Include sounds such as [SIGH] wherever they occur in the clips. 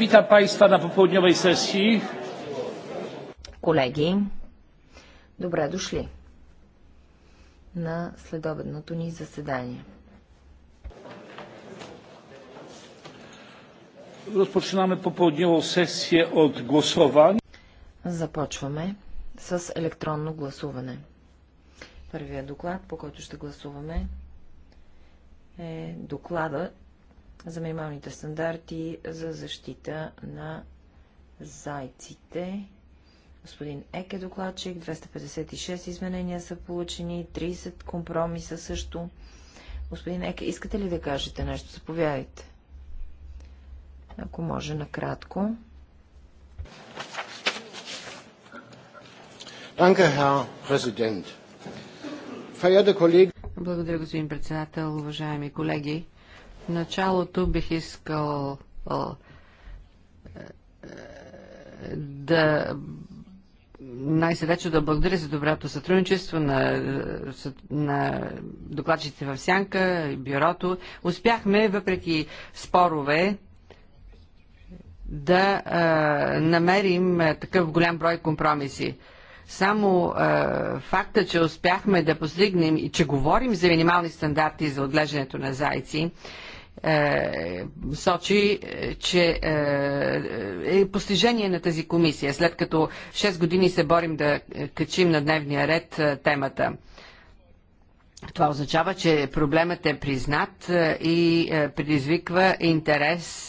Witam Państwa na popołudniowej sesji. Колеги, добре дошли на следобедното ни заседание. Rozpoczynamy popołudniową sesję od głosowań. Започваме с електронно гласуване. Първият доклад, по който ще гласуваме, е доклада за минималните стандарти за защита на зайците. Господин Ек е докладчик, 256 изменения са получени, 30 компромиса също. Господин Ек, искате ли да кажете нещо? Заповядайте. Ако може, накратко. Благодаря, господин председател, уважаеми колеги началото бих искал да най-сърдечно да благодаря за доброто сътрудничество на, на докладчите в Сянка, бюрото. Успяхме, въпреки спорове, да а, намерим а, такъв голям брой компромиси. Само а, факта, че успяхме да постигнем и че говорим за минимални стандарти за отглеждането на зайци, а, е, сочи, че е, е, постижение на тази комисия, след като 6 години се борим да качим на дневния ред е, темата. Това означава, че проблемът е признат и предизвиква интерес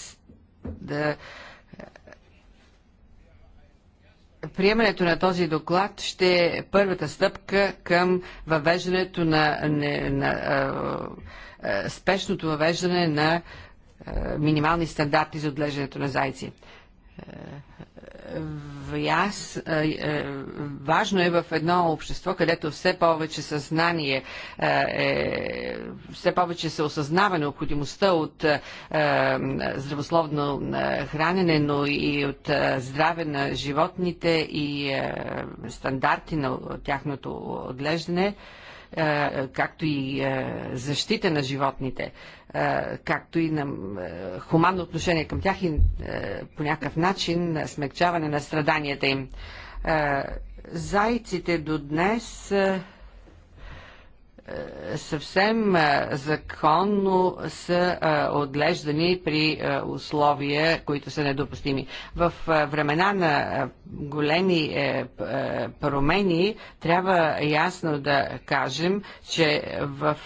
да приемането на този доклад ще е първата стъпка към въвеждането на, на, на, на е, спешното въвеждане на е, минимални стандарти за отглеждането на зайци. Е, аз, важно е в едно общество, където все повече съзнание, все повече се осъзнава необходимостта от здравословно хранене, но и от здраве на животните и стандарти на тяхното отглеждане. Е, както и е, защита на животните, е, както и на хуманно отношение към тях и по някакъв начин смягчаване на страданията им. Зайците до днес съвсем законно са отглеждани при условия, които са недопустими. В времена на големи е, е, промени трябва ясно да кажем, че в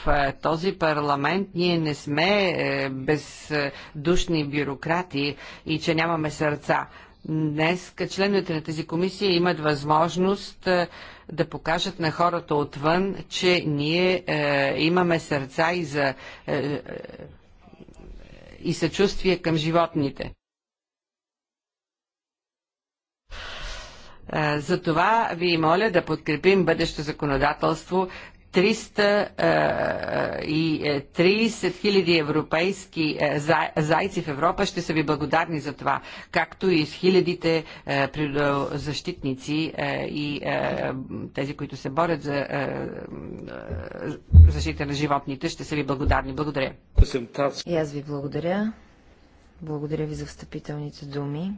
този парламент ние не сме е, бездушни бюрократи и че нямаме сърца днес членовете на тази комисия имат възможност е, да покажат на хората отвън, че ние е, имаме сърца и, за, е, е и съчувствие към животните. Е, затова ви моля да подкрепим бъдещо законодателство, 330 е, е, хиляди европейски е, зайци в Европа ще са ви благодарни за това, както и с хилядите защитници и тези, които се борят за защита на животните, ще са ви благодарни. Благодаря. И аз ви благодаря. Благодаря ви за встъпителните думи.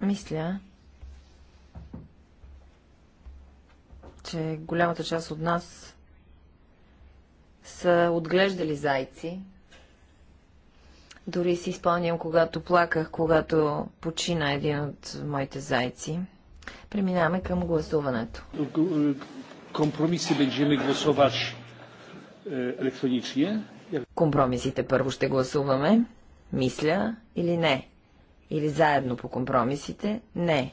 Мисля, че голямата част от нас са отглеждали зайци. Дори си изпълням, когато плаках, когато почина един от моите зайци. Преминаваме към гласуването. Компромиси będziemy głosować електронично. Компромисите първо ще гласуваме. Мисля или не? или заедно по компромисите? Не.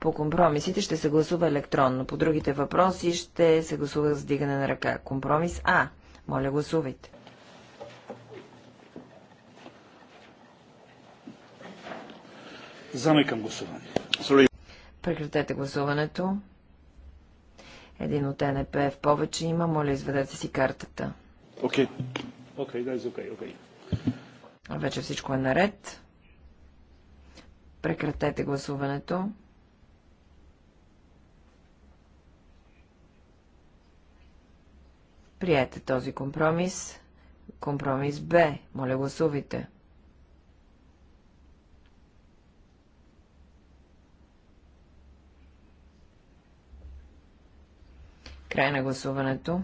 По компромисите ще се гласува електронно. По другите въпроси ще се гласува с дигане на ръка. Компромис А. Моля, гласувайте. Замекам гласуване. Sorry. Прекратете гласуването. Един от НП в повече има. Моля, изведете си картата. Окей. Окей, да, окей, окей. Вече всичко е наред. Прекратете гласуването. Приете този компромис. Компромис Б. Моля гласувайте. Край на гласуването.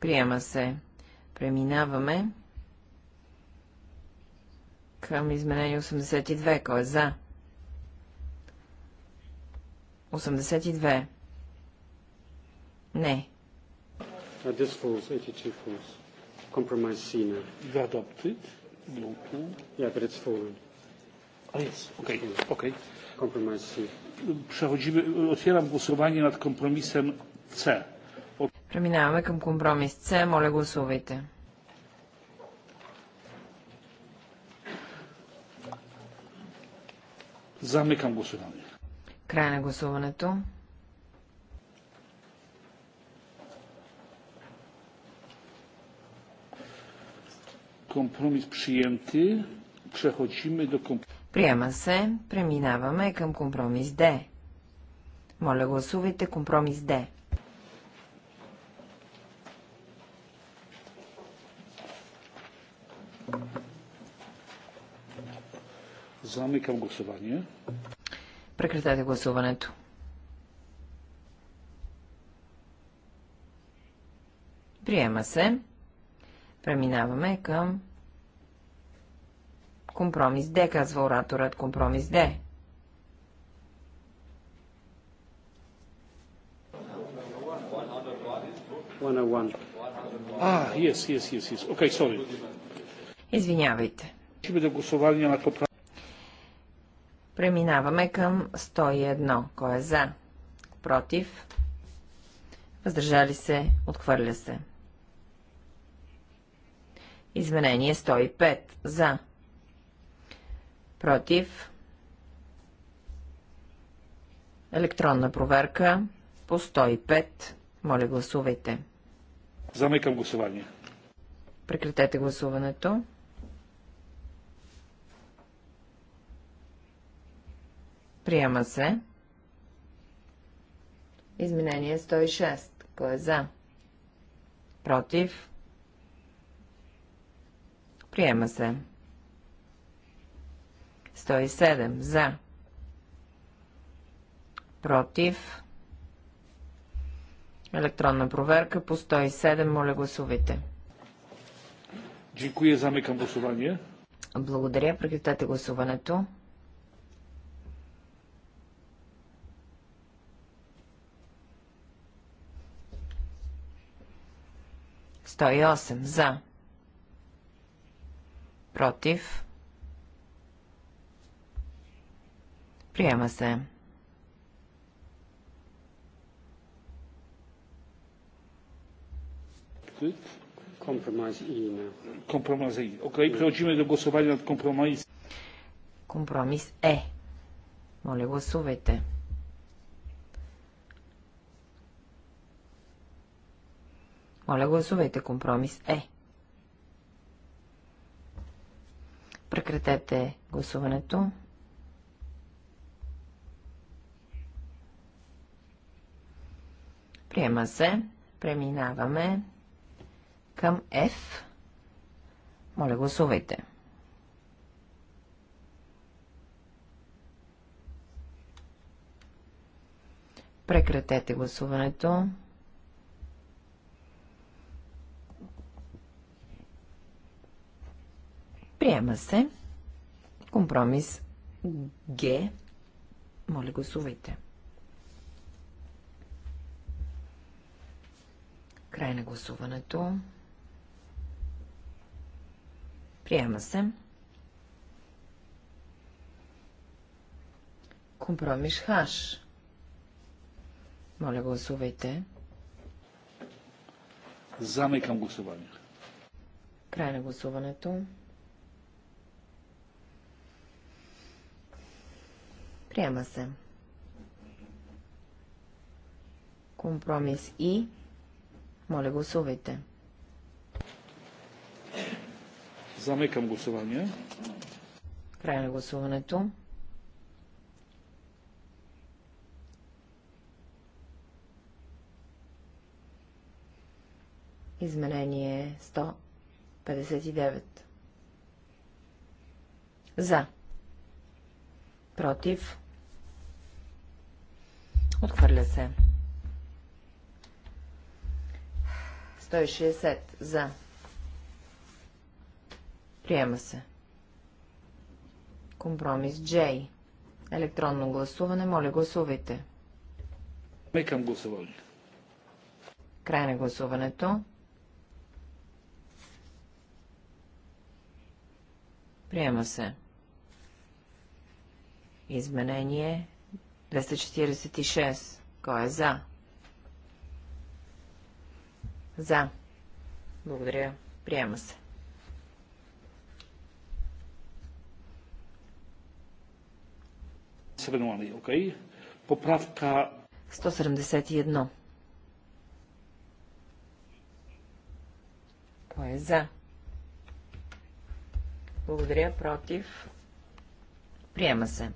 Приема се. Преминаваме към изменение 82. Кой е за? 82. Не. this falls, 82 falls. Compromise C now. adopted. Yeah, but it's fallen. A jest, okay. Okay. Compromise C. Przechodzimy, otwieram głosowanie nad kompromisem C. Преминаваме към компромис С. Моля гласувайте. Замикам гласуване. Край на гласуването. Компромис приемти. Преходиме до компромис. Приема се. Преминаваме към компромис Д. Моля гласувайте компромис Д. Замикам гласование. Прекратете гласуването. Приема се. Преминаваме към компромис Д, казва ораторът. Компромис Д. А, oh ah, yes, yes, yes, yes. Okay, sorry. Извинявайте. Ще бъде гласуване на поправка. Преминаваме към 101. Кой е за? Против? Въздържали се? Отхвърля се. Изменение 105. За. Против. Електронна проверка по 105. Моля, гласувайте. Замекам гласуване. Прекратете гласуването. Приема се. Изменение 106. Кой е за? Против. Приема се. 107. За. Против. Електронна проверка по 107. Моля гласувайте. Дякую. Замикам гласуване. Благодаря. Прекратете гласуването. 108 за. Против. Приема се. Kompromis I. Kompromis I. Ok, przechodzimy do głosowania nad kompromis. Kompromis E. Моля, гласувайте. Моля, гласувайте компромис Е. Прекратете гласуването. Приема се. Преминаваме към F. Моля, гласувайте. Прекратете гласуването. Приема се. Компромис Г. Моля, гласувайте. Край на гласуването. Приема се. Компромис хаш. Моля, гласувайте. Замекам гласуване. Край на гласуването. Приема се. Компромис И. Моля, гласувайте. Замекам гласувания. Край на гласуването. Изменение 159. За. Против. Отхвърля се. 160 за. Приема се. Компромис J. Електронно гласуване. Моля, гласувайте. Мекам гласуване. Край на гласуването. Приема се. Изменение 246. Кой е за? За. Благодаря. Приема се. Поправка 171. Кой е за? Благодаря. Против. Приема се.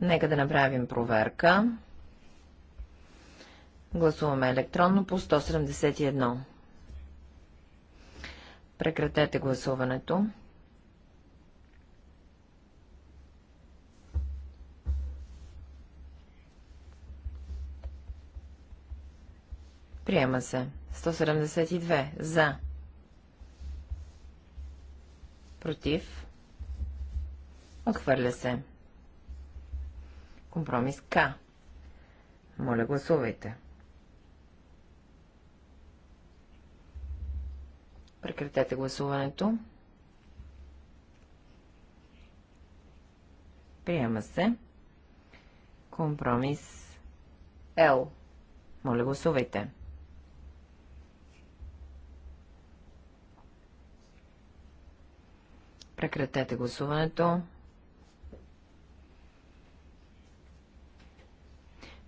Нека да направим проверка. Гласуваме електронно по 171. Прекратете гласуването. Приема се. 172. За. Против. Отхвърля се. Компромис К. Моля, гласувайте. Прекратете гласуването. Приема се. Компромис Л. Моля, гласувайте. Прекратете гласуването.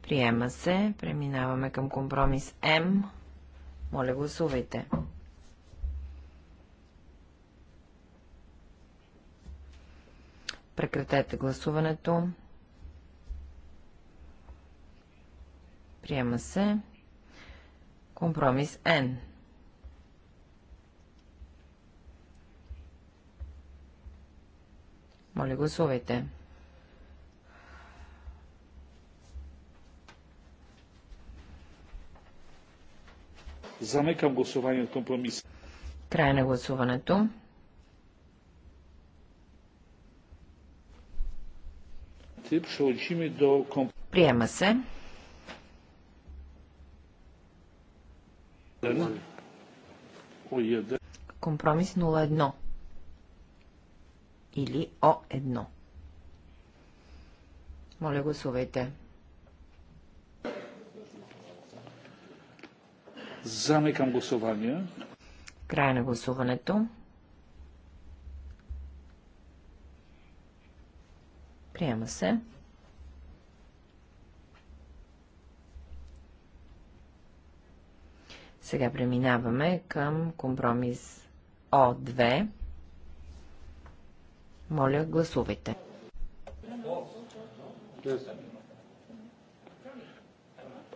Приема се. Преминаваме към компромис М. Моля, гласувайте. Прекратете гласуването. Приема се. Компромис Н. Моля, гласувайте. Замекам гласуване от компромиса. Край на гласуването. Приема се. Компромис 01 или О1. Моля, гласувайте. Замекам гласование. Края на гласуването. Приема се. Сега преминаваме към компромис О2. Моля, гласувайте.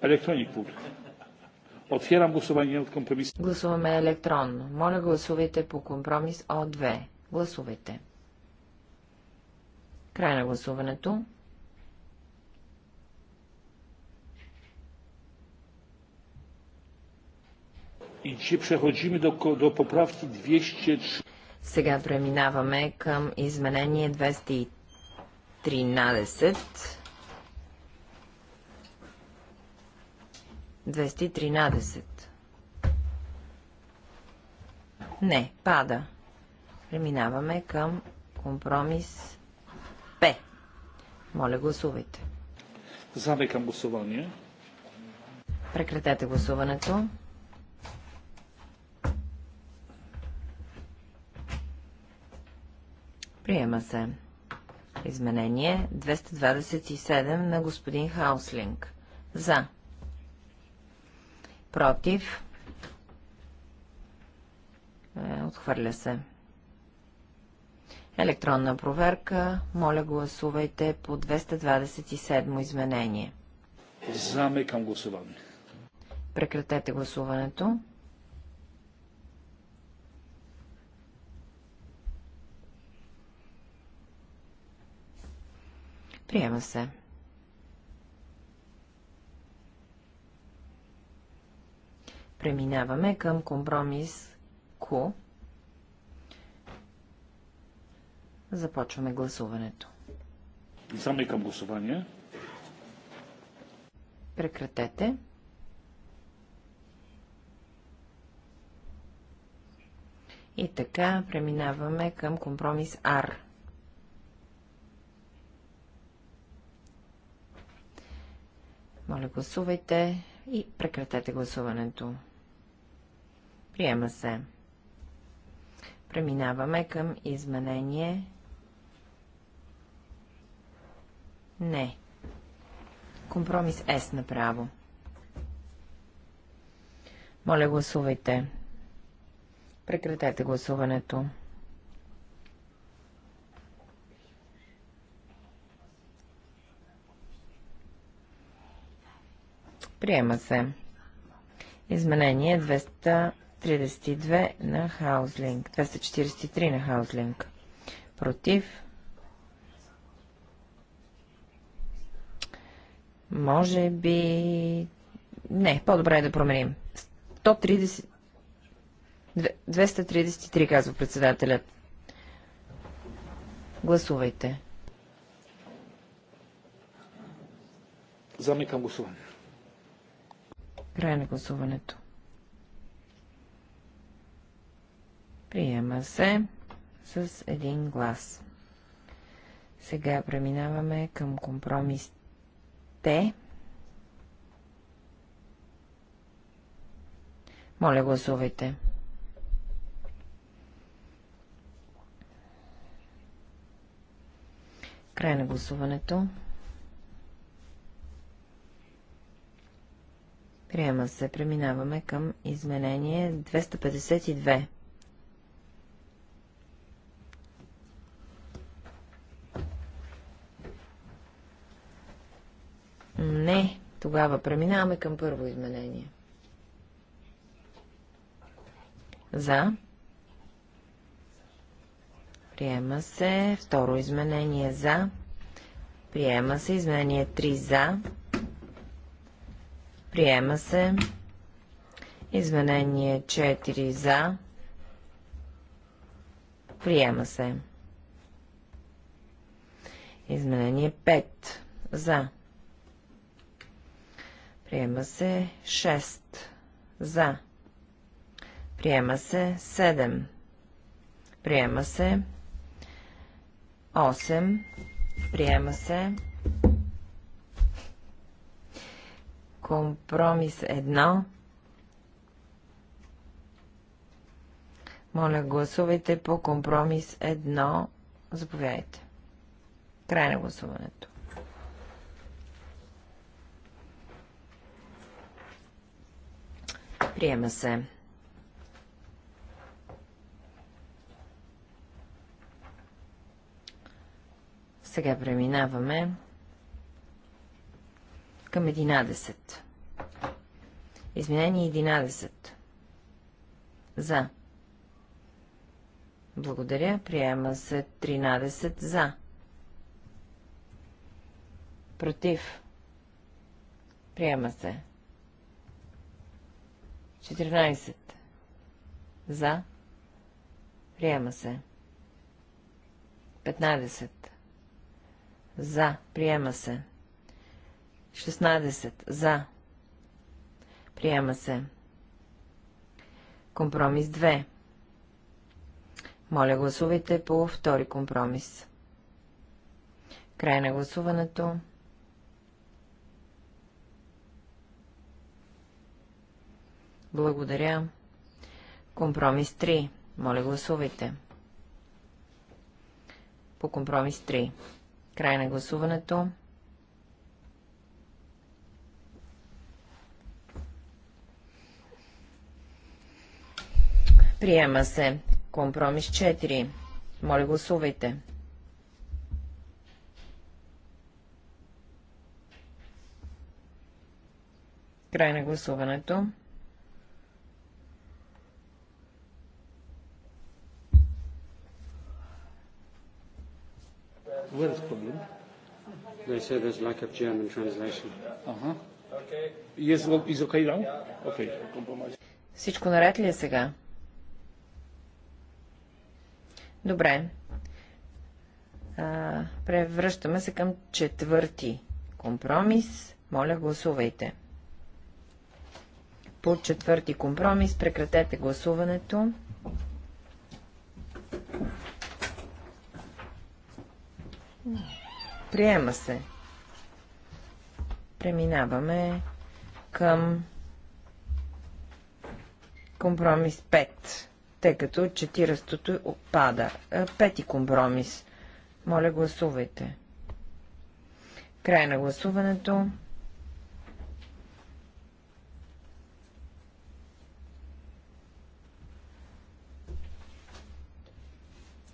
Електроник публика. Отварям гласуване от компромис. Гласуваме електронно. Моля гласувайте по компромис О2. Гласувайте. Край на гласуването. И че преходим до, до поправки 200. Сега преминаваме към изменение 213. 213. Не, пада. Преминаваме към компромис П. Моля, гласувайте. към гласуване. Прекратете гласуването. Приема се. Изменение 227 на господин Хауслинг. За против, е, отхвърля се. Електронна проверка. Моля гласувайте по 227 изменение. Заме към гласуване. Прекратете гласуването. Приема се. Преминаваме към компромис КО. Започваме гласуването. към гласуване. Прекратете. И така преминаваме към компромис R. Моля, гласувайте и прекратете гласуването. Приема се. Преминаваме към изменение. Не. Компромис С направо. Моля, гласувайте. Прекратете гласуването. Приема се. Изменение 200. 32 на Хаузлинг, 243 на Хаузлинг. Против. Може би... Не, по-добре е да променим. 130... 233, казва председателят. Гласувайте. Замикам гласуване. Край на гласуването. Приема се с един глас. Сега преминаваме към компромис Т. Моля, гласувайте. Край на гласуването. Приема се. Преминаваме към изменение 252. Не. Тогава преминаваме към първо изменение. За. Приема се. Второ изменение за. Приема се. Изменение 3 за. Приема се. Изменение 4 за. Приема се. Изменение 5 за. Приема се 6. За. Приема се 7. Приема се 8. Приема се компромис 1. Моля, гласувайте по компромис 1. Заповядайте. Край на гласуването. Приема се. Сега преминаваме към 11. Изменение 11. За. Благодаря. Приема се 13 за. Против. Приема се. 14. За. Приема се. 15. За. Приема се. 16. За. Приема се. Компромис 2. Моля гласувайте по втори компромис. Край на гласуването. Благодаря. Компромис 3. Моля, гласувайте. По компромис 3. Край на гласуването. Приема се. Компромис 4. Моля, гласувайте. Край на гласуването. say there's lack of German translation. Ага. Yes, is okay now? Okay. Всичко наред ли е сега? Добре. А, превръщаме се към четвърти компромис. Моля, гласувайте. По четвърти компромис прекратете гласуването. Не. Приема се. Преминаваме към компромис 5, тъй като 40-то отпада. Е, пети компромис. Моля, гласувайте. Край на гласуването.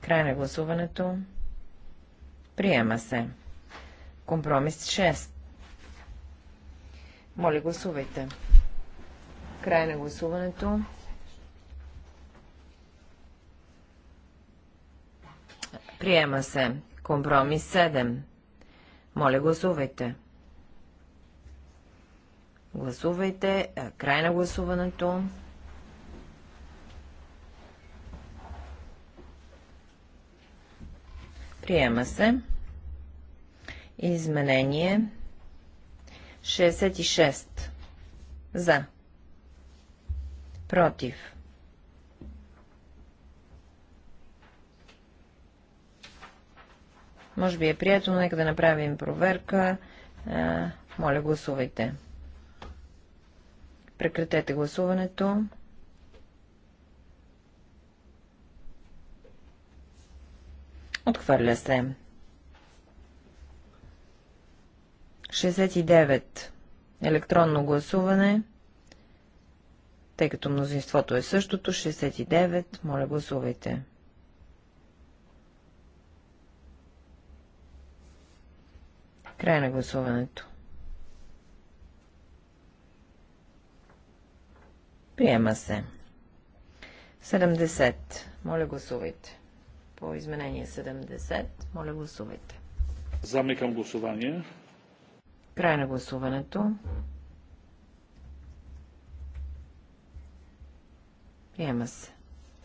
Край на гласуването. Приема се. Компромис 6. Моля, гласувайте. Край на гласуването. Приема се. Компромис 7. Моля, гласувайте. Гласувайте. Край на гласуването. Приема се. Изменение 66. За. Против. Може би е прието, нека да направим проверка. А, моля, гласувайте. Прекратете гласуването. Отхвърля се. 69. Електронно гласуване. Тъй като мнозинството е същото, 69. Моля, гласувайте. Край на гласуването. Приема се. 70. Моля гласувайте. По изменение 70. Моля гласувайте. Замикам гласувание. Край на гласуването. Приема се.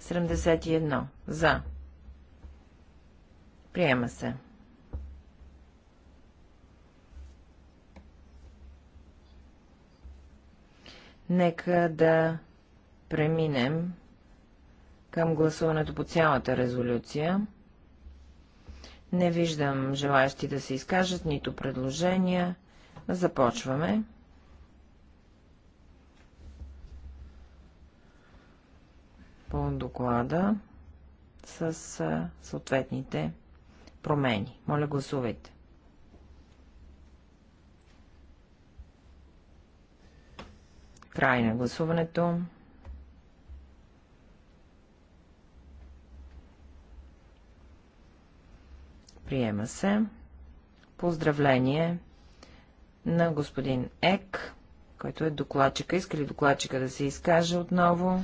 71. За. Приема се. Нека да преминем към гласуването по цялата резолюция. Не виждам желаящи да се изкажат нито предложения, Започваме. По доклада с съответните промени. Моля, гласувайте. Край на гласуването. Приема се. Поздравление на господин Ек, който е докладчика. Иска ли докладчика да се изкаже отново?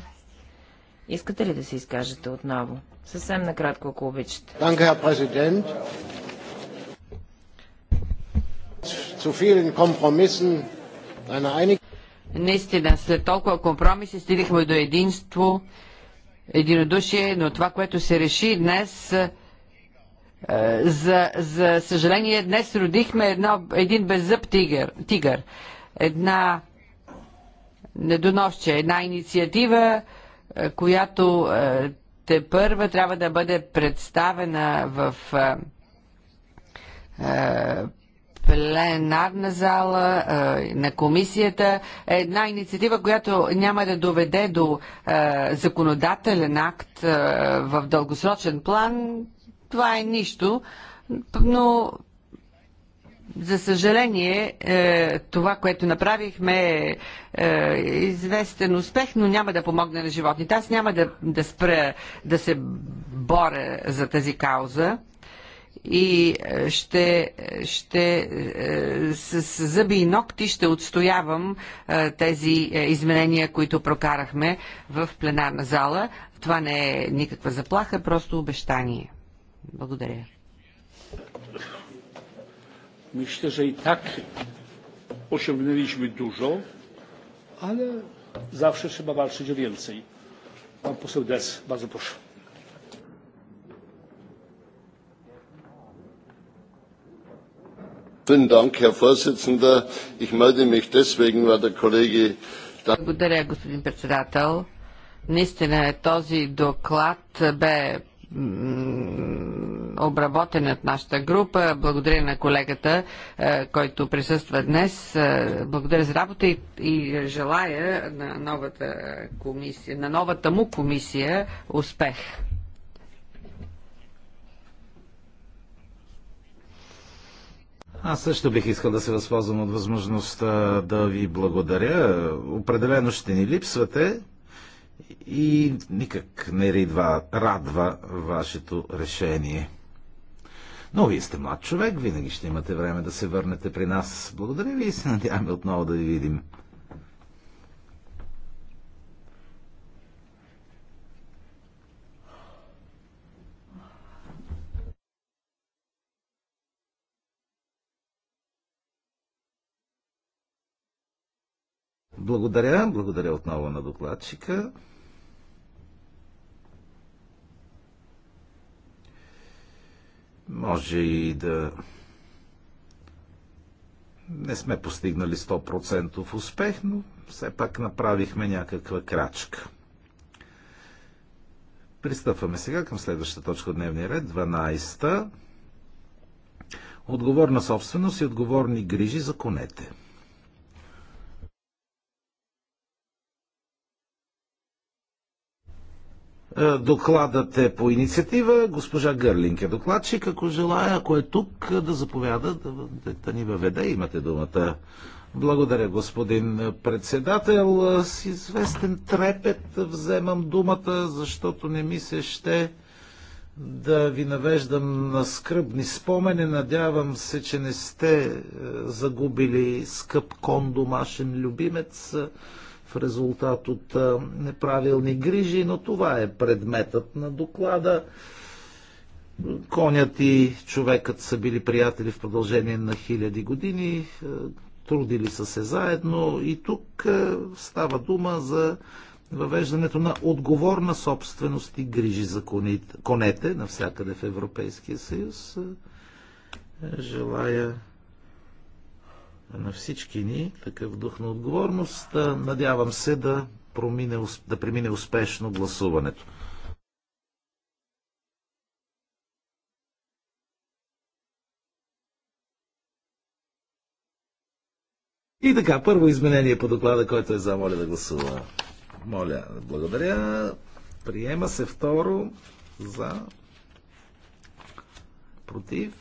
Искате ли да се изкажете отново? Съвсем накратко, ако обичате. Данка, президент. Наистина, след толкова компромиси стигнахме до единство, единодушие, но това, което се реши днес, е, за, за съжаление, днес родихме едно, един беззъб тигър, тигър. Една недоносче, една инициатива, е, която е, те първа трябва да бъде представена в пленарна зала на комисията. Една инициатива, която няма да доведе до законодателен акт в дългосрочен план, това е нищо, но за съжаление, е, това, което направихме е, е, известен успех, но няма да помогне на животните. Аз няма да, да спра да се боря за тази кауза и е, ще, ще с, с зъби и ногти ще отстоявам тези изменения, които прокарахме в пленарна зала. Това не е никаква заплаха, просто обещание. Благодаря. Myślę, że i tak osiągnęliśmy dużo, ale zawsze trzeba walczyć o więcej. Pan poseł Des, bardzo proszę. herr präsident! ich melde mich deswegen weil der kollege Благодаря, господин председател. Наистина този доклад бе обработен от нашата група. Благодаря на колегата, е, който присъства днес. Е, благодаря за работа и, и желая на новата, комисия, на новата му комисия успех. Аз също бих искал да се възползвам от възможността да ви благодаря. Определено ще ни липсвате и никак не ридва, радва вашето решение. Но вие сте млад човек, винаги ще имате време да се върнете при нас. Благодаря ви и се надяваме отново да ви видим. Благодаря, благодаря отново на докладчика. Може и да не сме постигнали 100% успех, но все пак направихме някаква крачка. Пристъпваме сега към следващата точка от дневния ред, 12-та. Отговорна собственост и отговорни грижи за конете. Е, докладът е по инициатива. Госпожа Гърлинг е докладчик. Ако желая, ако е тук, да заповяда, да, да, да ни въведе. Имате думата. Благодаря, господин председател. С известен трепет вземам думата, защото не ми се ще да ви навеждам на скръбни спомени. Надявам се, че не сте е, загубили скъп кон домашен любимец в резултат от неправилни грижи, но това е предметът на доклада. Конят и човекът са били приятели в продължение на хиляди години, трудили са се заедно и тук става дума за въвеждането на отговорна собственост и грижи за конете навсякъде в Европейския съюз. Желая на всички ни такъв дух на отговорност. Надявам се да, промине, да премине успешно гласуването. И така, първо изменение по доклада, който е за, моля да гласува. Моля, благодаря. Приема се второ за против.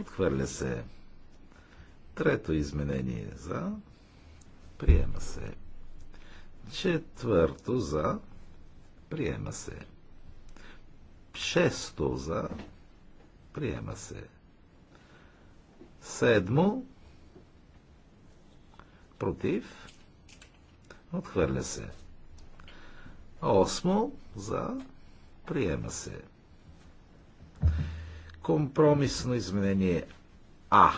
Отхвърля се. Трето изменение за. Приема се. Четвърто за. Приема се. Шесто за. Приема се. Седмо. Против. Отхвърля се. Осмо. За. Приема се. Компромисно изменение А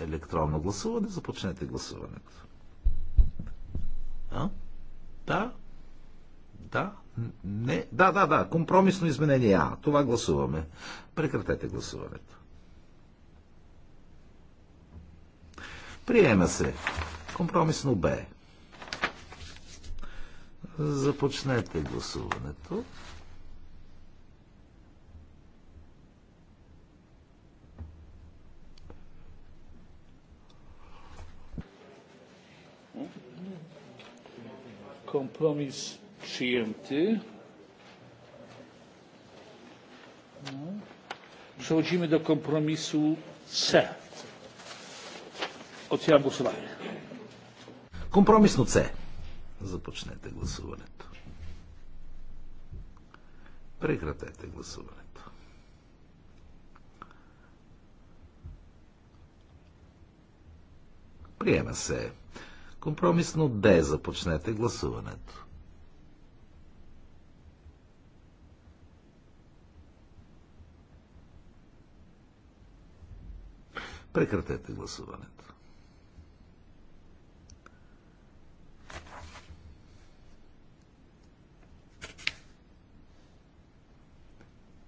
електронно гласуване. Започнете гласуването. А? Да? Да? Не? Да, да, да. Компромисно изменение А. Това гласуваме. Прекратете гласуването. Приема се. Компромисно Б. Започнете гласуването. Kompromis przyjęty. Przechodzimy do kompromisu C. Otwieram głosowanie. Компромисно С. Започнете гласуването. Прекратете гласуването. Приема се. Компромисно Д. Започнете гласуването. Прекратете гласуването.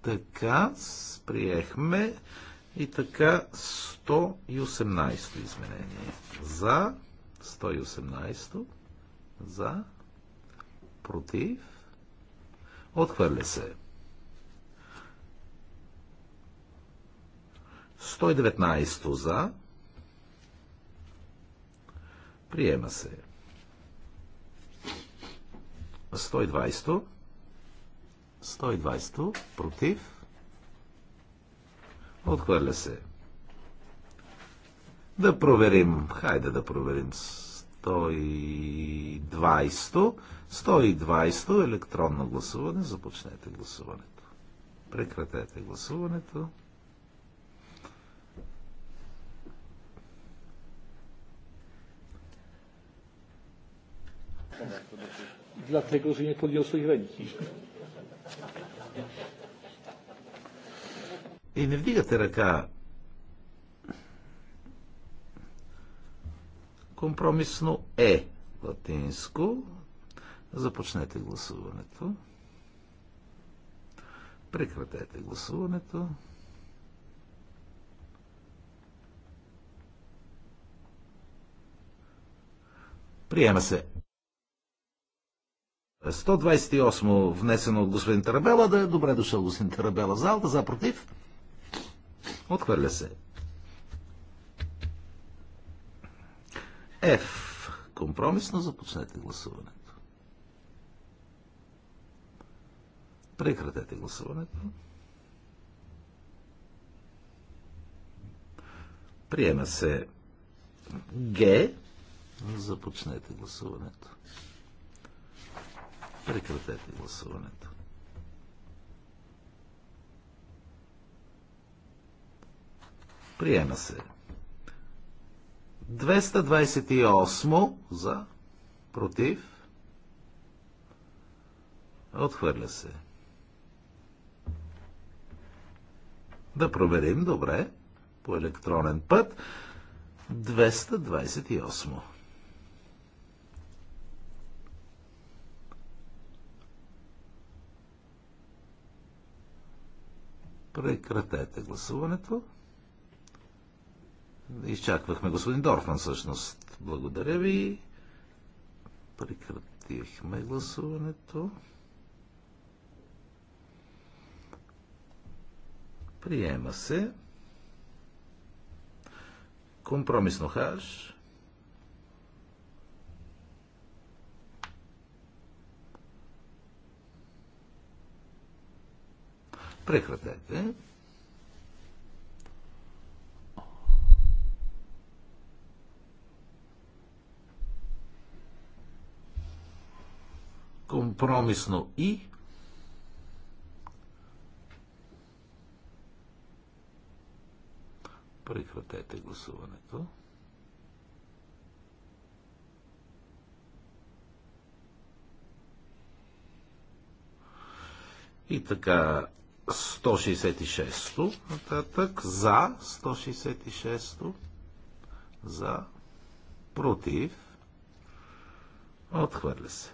Така, приехме и така 118 изменение. За 118 за, против, отхвърля се. 119 за, приема се. 120, 120 против, отхвърля се. Да проверим. Хайде да проверим. 120. 120 електронно гласуване. Започнете гласуването. Прекратете гласуването. Dlatego, że nie podniosłeś ręki. I nie wdigate ręka Компромисно е латинско. Започнете гласуването. Прекратете гласуването. Приема се. 128 внесено от господин Тарабела. Да е добре дошъл господин Тарабела в залата. За против. Отхвърля се. F. Компромисно започнете гласуването. Прекратете гласуването. Приема се Г. Започнете гласуването. Прекратете гласуването. Приема се. 228 за, против, отхвърля се. Да проверим, добре, по електронен път. 228. Прекратете гласуването. Изчаквахме господин Дорфман всъщност. Благодаря ви. Прекратихме гласуването. Приема се. Компромисно хаш. Прекратете. компромисно и прекратете гласуването. И така, 166-то нататък, за 166-то, за, против, отхвърля се.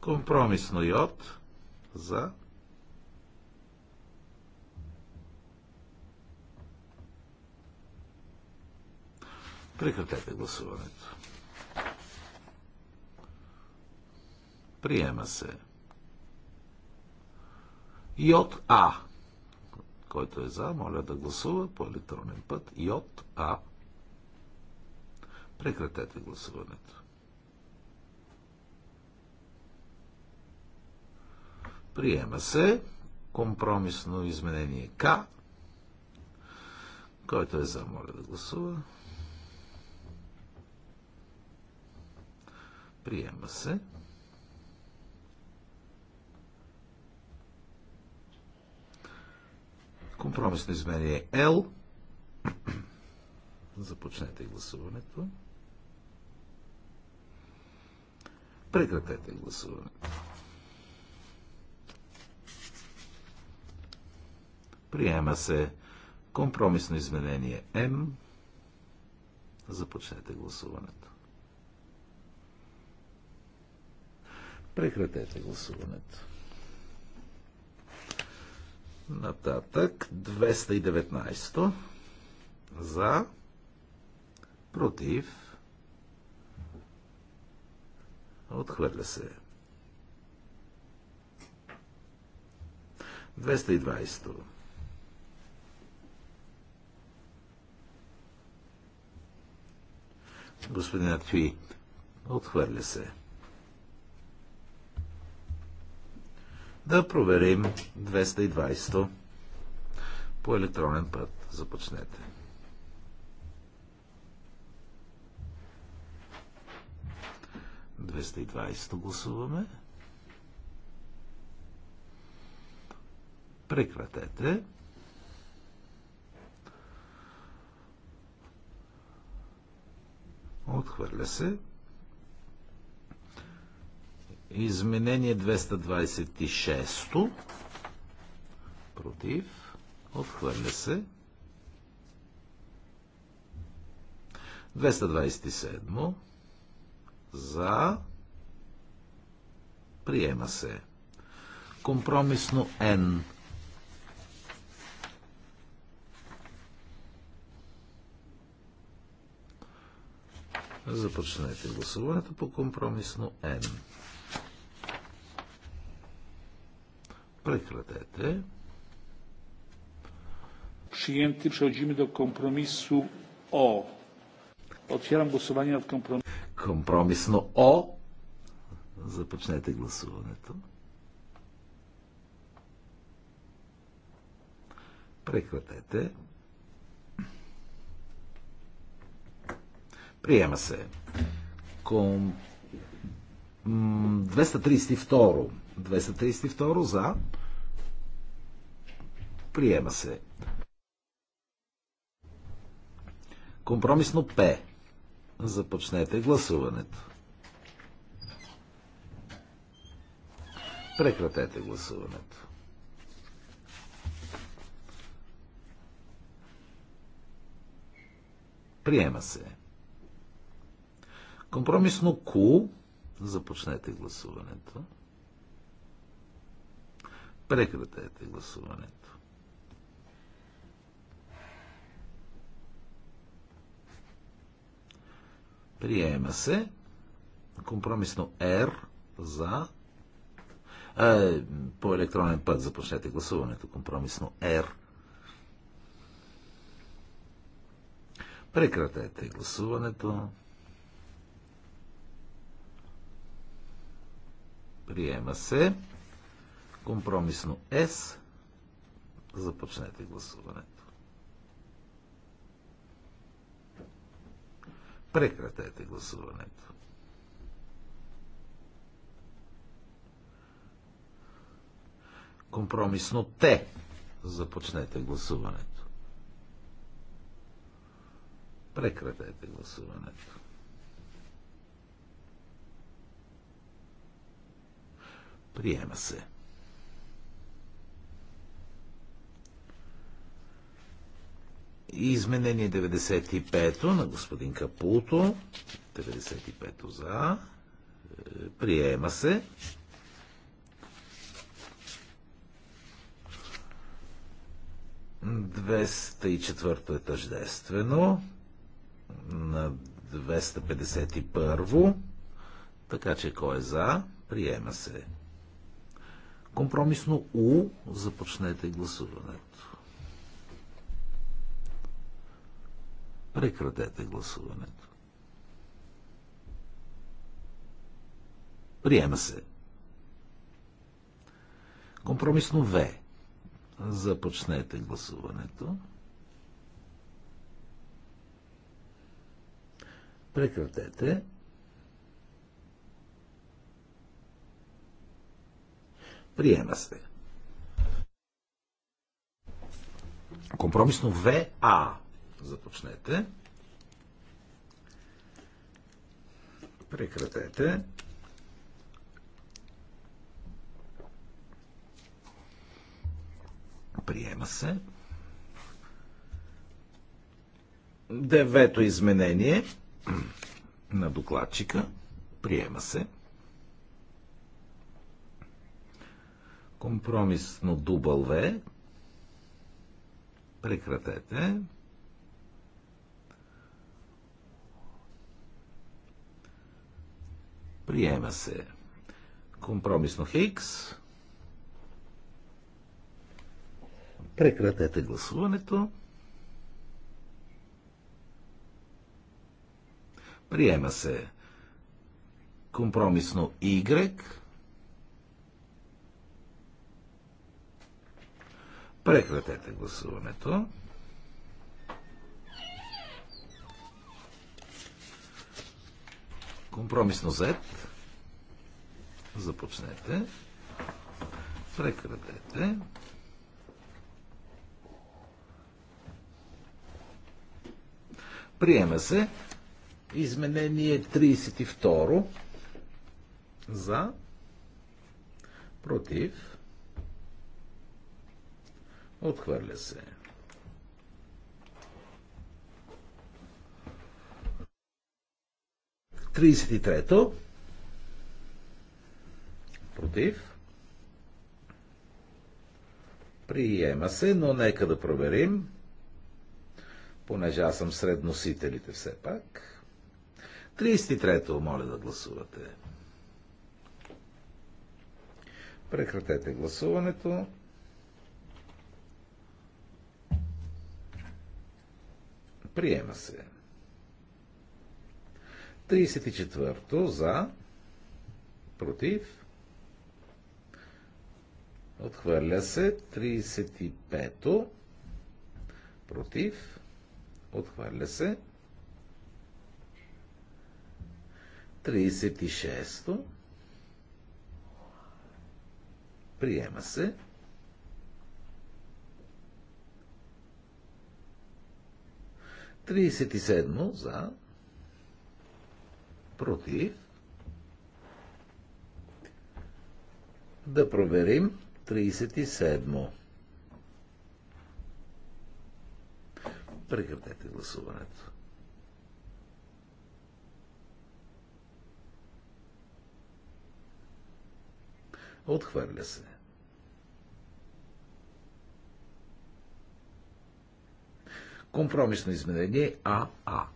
Компромисно йод за Прекратете гласуването. Приема се. Йод А. Който е за, моля да гласува по електронен път. Йод А. Прекратете гласуването. Приема се компромисно изменение К. Който е за, моля да гласува. Приема се. Компромисно изменение L. Започнете гласуването. Прекратете гласуването. Приема се компромисно изменение М. Започнете гласуването. Прекратете гласуването. Нататък 219 за против отхвърля се 220 Господин Атюи. Отхвърля се. Да проверим 220 по електронен път. Започнете. Двеста гласуваме. Прекратете. Отхвърля се. Изменение 226. Против. Отхвърля се. 227. За. Приема се. Компромисно N. Започнете гласуването по компромисно N. Прекратете. Przyjęty. Przechodzimy до компромису O. Otwieram głosowanie от kompromisem. Компромисно О. Започнете гласуването. Прекратете. Приема се. Ком... 232. 232 за. Приема се. Компромисно П. Започнете гласуването. Прекратете гласуването. Приема се. Компромисно Q. Започнете гласуването. Прекратете гласуването. Приема се. Компромисно R за. А, е, по електронен път започнете гласуването. Компромисно R. Прекратете гласуването. Приема се. Компромисно С. Започнете гласуването. Прекратете гласуването. Компромисно Т. Започнете гласуването. Прекратете гласуването. Приема се. Изменение 95-то на господин Капуто. 95-то за. Е, приема се. Двеста и четвърто е тъждествено. На 251. Така че кой е за? Приема се. Компромисно У. Започнете гласуването. Прекратете гласуването. Приема се. Компромисно В. Започнете гласуването. Прекратете. Приема се. Компромисно ВА. Започнете. Прекратете. Приема се. Девето изменение на докладчика. Приема се. Компромисно В. Прекратете. Приема се. Компромисно Хикс. Прекратете гласуването. Приема се компромисно Y. Прекратете гласуването. Компромисно зет. Започнете. Прекратете. Приема се изменение 32 за против Отхвърля се. Тридесет и трето. Против. Приема се, но нека да проверим, понеже аз съм сред носителите все пак. 33-то, моля да гласувате. Прекратете гласуването. Приема се. 34 за. Против. Отхвърля се. 35 Против. Отхвърля се. 36 Приема се. 37 за. Против. Да проверим. 37. Прекратете гласуването. Отхвърля се. Компромисно изменение АА.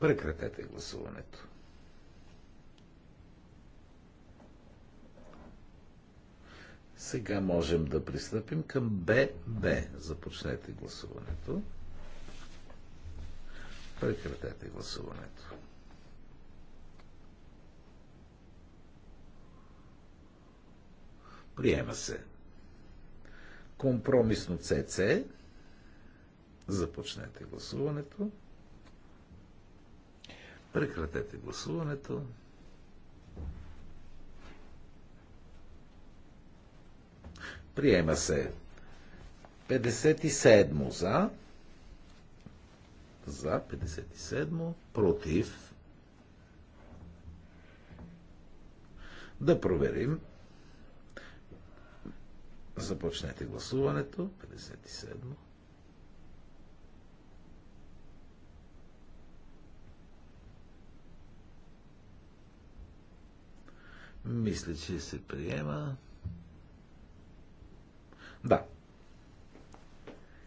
Прекратете гласуването. Сега можем да пристъпим към ББ. Започнете гласуването. Прекратете гласуването. Приема се. Компромисно ЦЦ. Започнете гласуването. Прекратете гласуването. Приема се 57 за. За 57. Против. Да проверим започнете гласуването. 57. Мисля, че се приема. Да.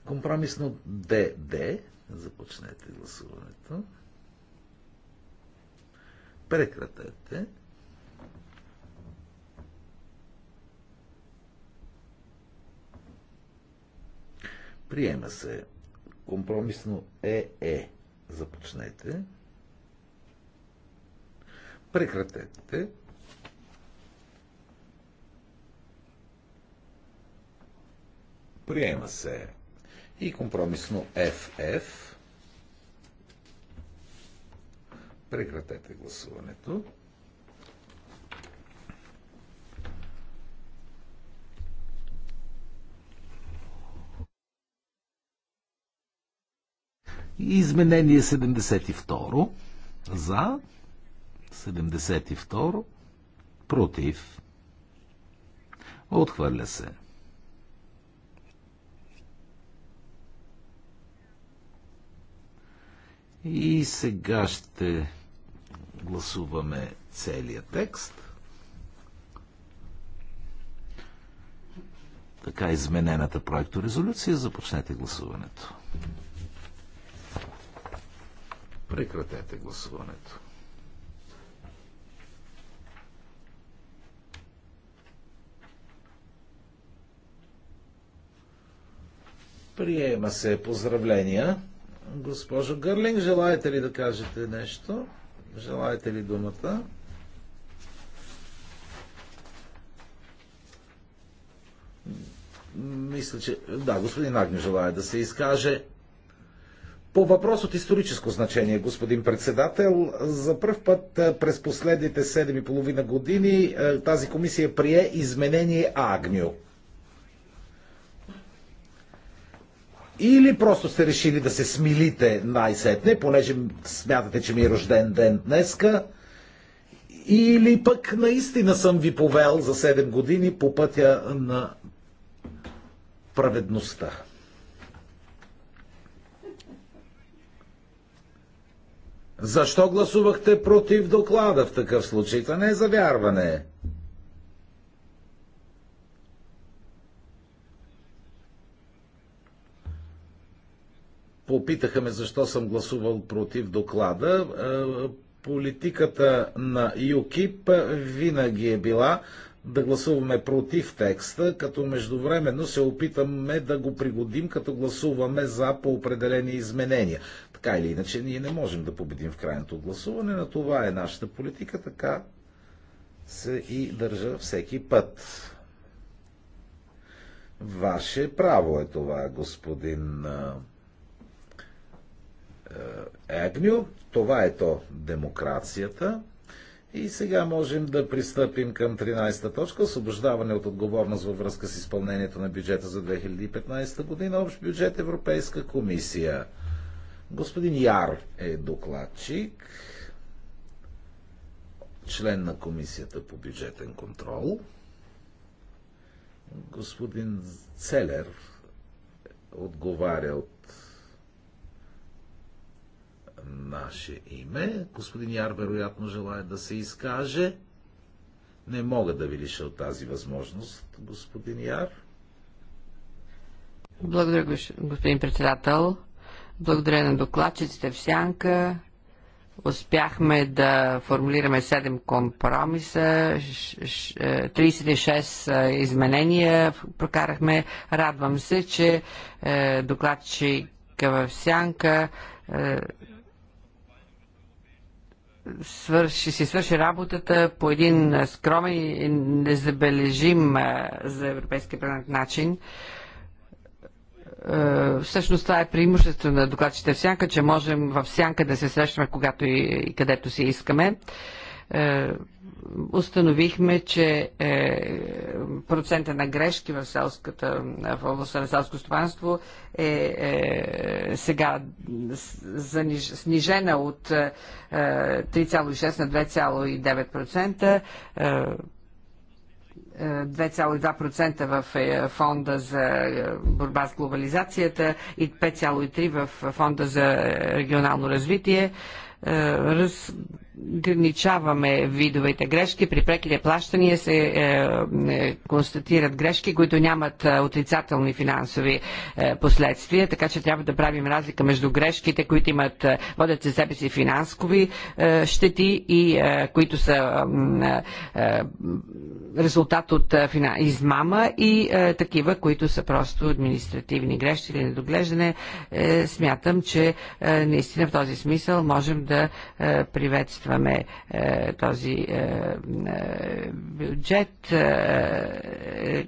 Компромисно ДД. Започнете гласуването. Прекратете. Приема се. Компромисно е, е. Започнете. Прекратете. Приема се. И компромисно FF. Прекратете гласуването. Изменение 72 за 72 против. Отхвърля се. И сега ще гласуваме целият текст. Така изменената проекторезолюция. Започнете гласуването. Прекратете гласуването. Приема се поздравления. Госпожо Гърлинг, желаете ли да кажете нещо? Желаете ли думата? Мисля, че... Да, господин Агни желая да се изкаже. По въпрос от историческо значение, господин председател, за първ път е, през последните 7,5 години е, тази комисия прие изменение Агню. Или просто сте решили да се смилите най-сетне, понеже смятате, че ми е рожден ден днеска, или пък наистина съм ви повел за 7 години по пътя на праведността. Защо гласувахте против доклада в такъв случай? Това не е завярване. Попитаха ме защо съм гласувал против доклада. Е, политиката на ЮКИП винаги е била да гласуваме против текста, като междувременно се опитаме да го пригодим, като гласуваме за по определени изменения така или иначе ние не можем да победим в крайното гласуване, на това е нашата политика, така се и държа всеки път. Ваше право е това, господин Егню. Това е то демокрацията. И сега можем да пристъпим към 13-та точка. Освобождаване от отговорност във връзка с изпълнението на бюджета за 2015 година. Общ бюджет Европейска комисия. Господин Яр е докладчик, член на Комисията по бюджетен контрол. Господин Целер отговаря от наше име. Господин Яр вероятно желая да се изкаже. Не мога да ви лиша от тази възможност, господин Яр. Благодаря, господин председател. Благодаря на докладчиците в Сянка. Успяхме да формулираме 7 компромиса, 36 е, е, изменения прокарахме. Радвам се, че е, докладчика в Сянка свърши, си свърши работата по един скромен и незабележим за Европейския парламент начин. Е, всъщност това е преимущество на докладчите в сянка, че можем в сянка да се срещаме когато и, и където си искаме. Е, установихме, че е, процента на грешки в, селската, в областта на селско стопанство е, е сега заниж, снижена от 3,6 на 2,9%. 2,2% в е, фонда за е, борба с глобализацията и 5,3% в фонда за регионално развитие. Е, раз, Ограничаваме видовете грешки. При преките плащания се е, е, констатират грешки, които нямат е, отрицателни финансови е, последствия, така че трябва да правим разлика между грешките, които имат, е, водят със себе си финансови е, щети и е, които са е, е, резултат от е, измама и е, такива, които са просто административни грешки или недоглеждане. Е, смятам, че е, наистина в този смисъл можем да е, приветстваме приветстваме е, този е, е бюджет. Е, е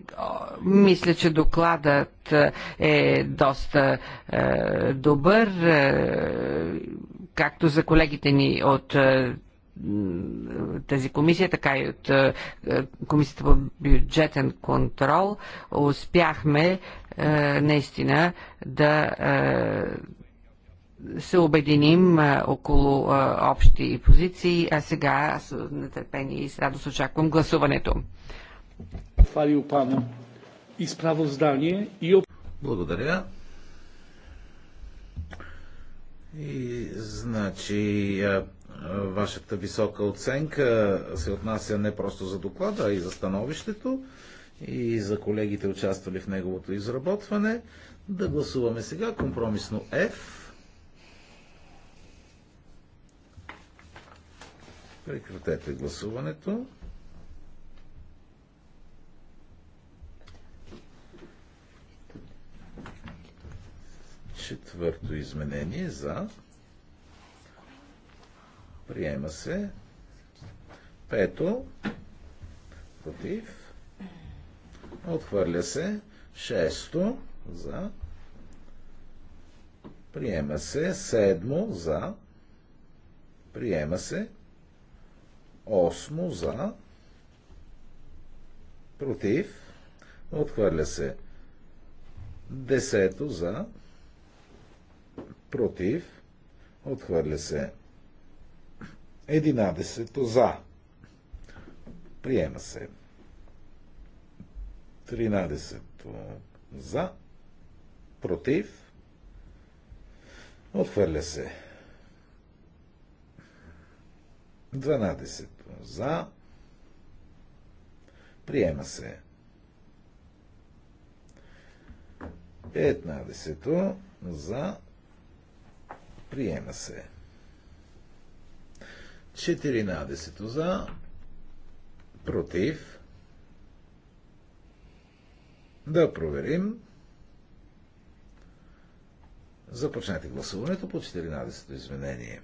мисля, че докладът е доста е, добър, е, както за колегите ни от е, тази комисия, така и от Комисията по бюджетен контрол, успяхме наистина да се обединим около общи позиции, а сега с нетърпение и с радост очаквам гласуването. Хвалил пана и справоздание и... Благодаря. И значи вашата висока оценка се отнася не просто за доклада, а и за становището и за колегите участвали в неговото изработване. Да гласуваме сега компромисно F. Прекратете гласуването. Четвърто изменение за. Приема се. Пето. Против. Отхвърля се. Шесто. За. Приема се. Седмо. За. Приема се. Осмо за. Против. Отхвърля се. Десето за. Против. Отхвърля се. Единадесето за. Приема се. 13 за, против, отхвърля се. 12 за. Приема се. 15 то за приема се. 14 за против. Да проверим. Започнете гласуването по 14-то изменение. 14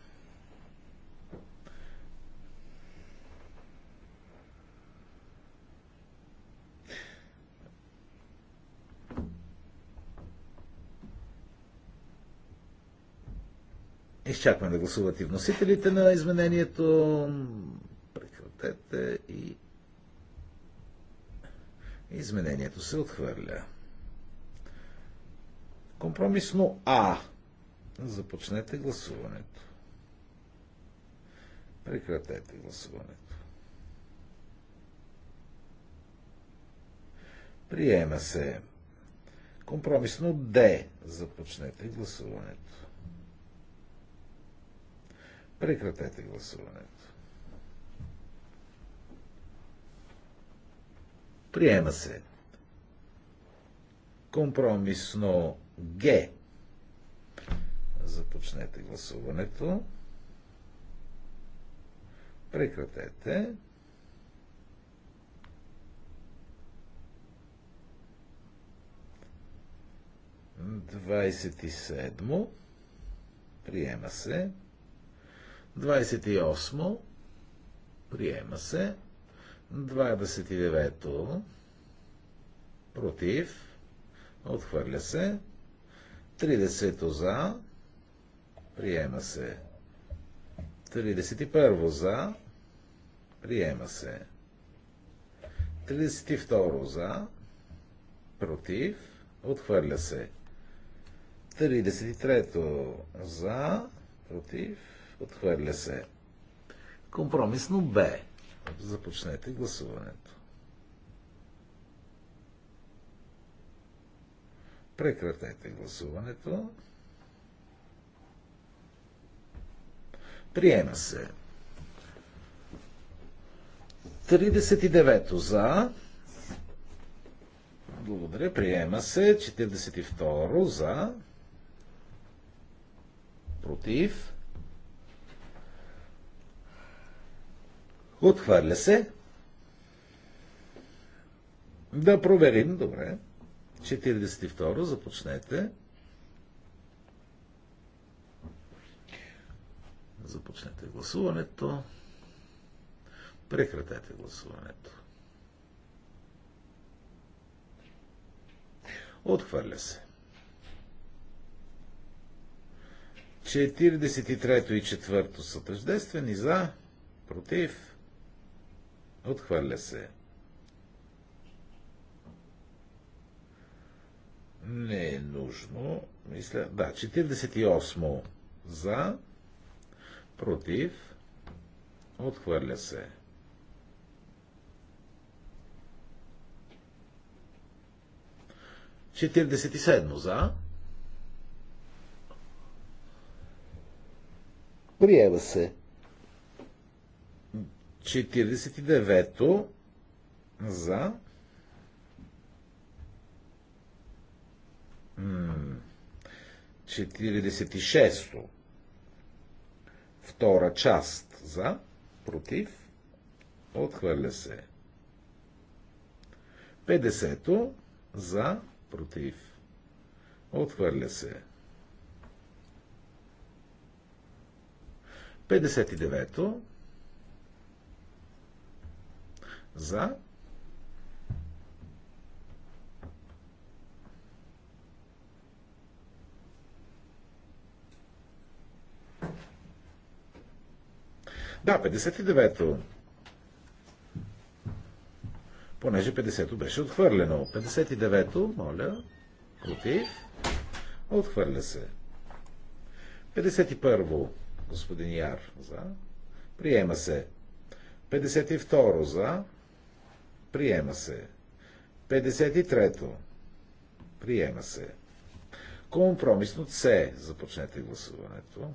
Изчакваме да гласуват и вносителите на изменението. Прекратете и изменението се отхвърля. Компромисно А. Започнете гласуването. Прекратете гласуването. Приема се. Компромисно Д. Започнете гласуването. Прекратете гласуването. Приема се. Компромисно Г. Започнете гласуването. Прекратете. Двадесет и седмо. Приема се. 28. Приема се. 29. Против. Отхвърля се. 30 за. Приема се. 31 за. Приема се. 32 за. Против. Отхвърля се. 33 за. Против. Отхвърля се. Компромисно Б. Започнете гласуването. Прекратете гласуването. Приема се. 39 за. Благодаря. Приема се. 42 за. Против. Отхвърля се. Да проверим. Добре. 42. Започнете. Започнете гласуването. Прекратете гласуването. Отхвърля се. 43 и 4 са тъждествени за, против, Отхвърля се. Не е нужно. Мисля, да, 48 за, против, отхвърля се. Четиридесет и седмо за. Приема се. 49-то за. М 46-то. Втора част за. Против. Отхвърля се. 50-то за. Против. Отхвърля се. 59-то За. Да, 59-то. Понеже 50-то беше отхвърлено. 59-то, моля, против. Отхвърля се. 51-во, господин Яр, за. Приема се. 52-ро за. Приема се. 53-то. Приема се. Компромисно С. Започнете гласуването.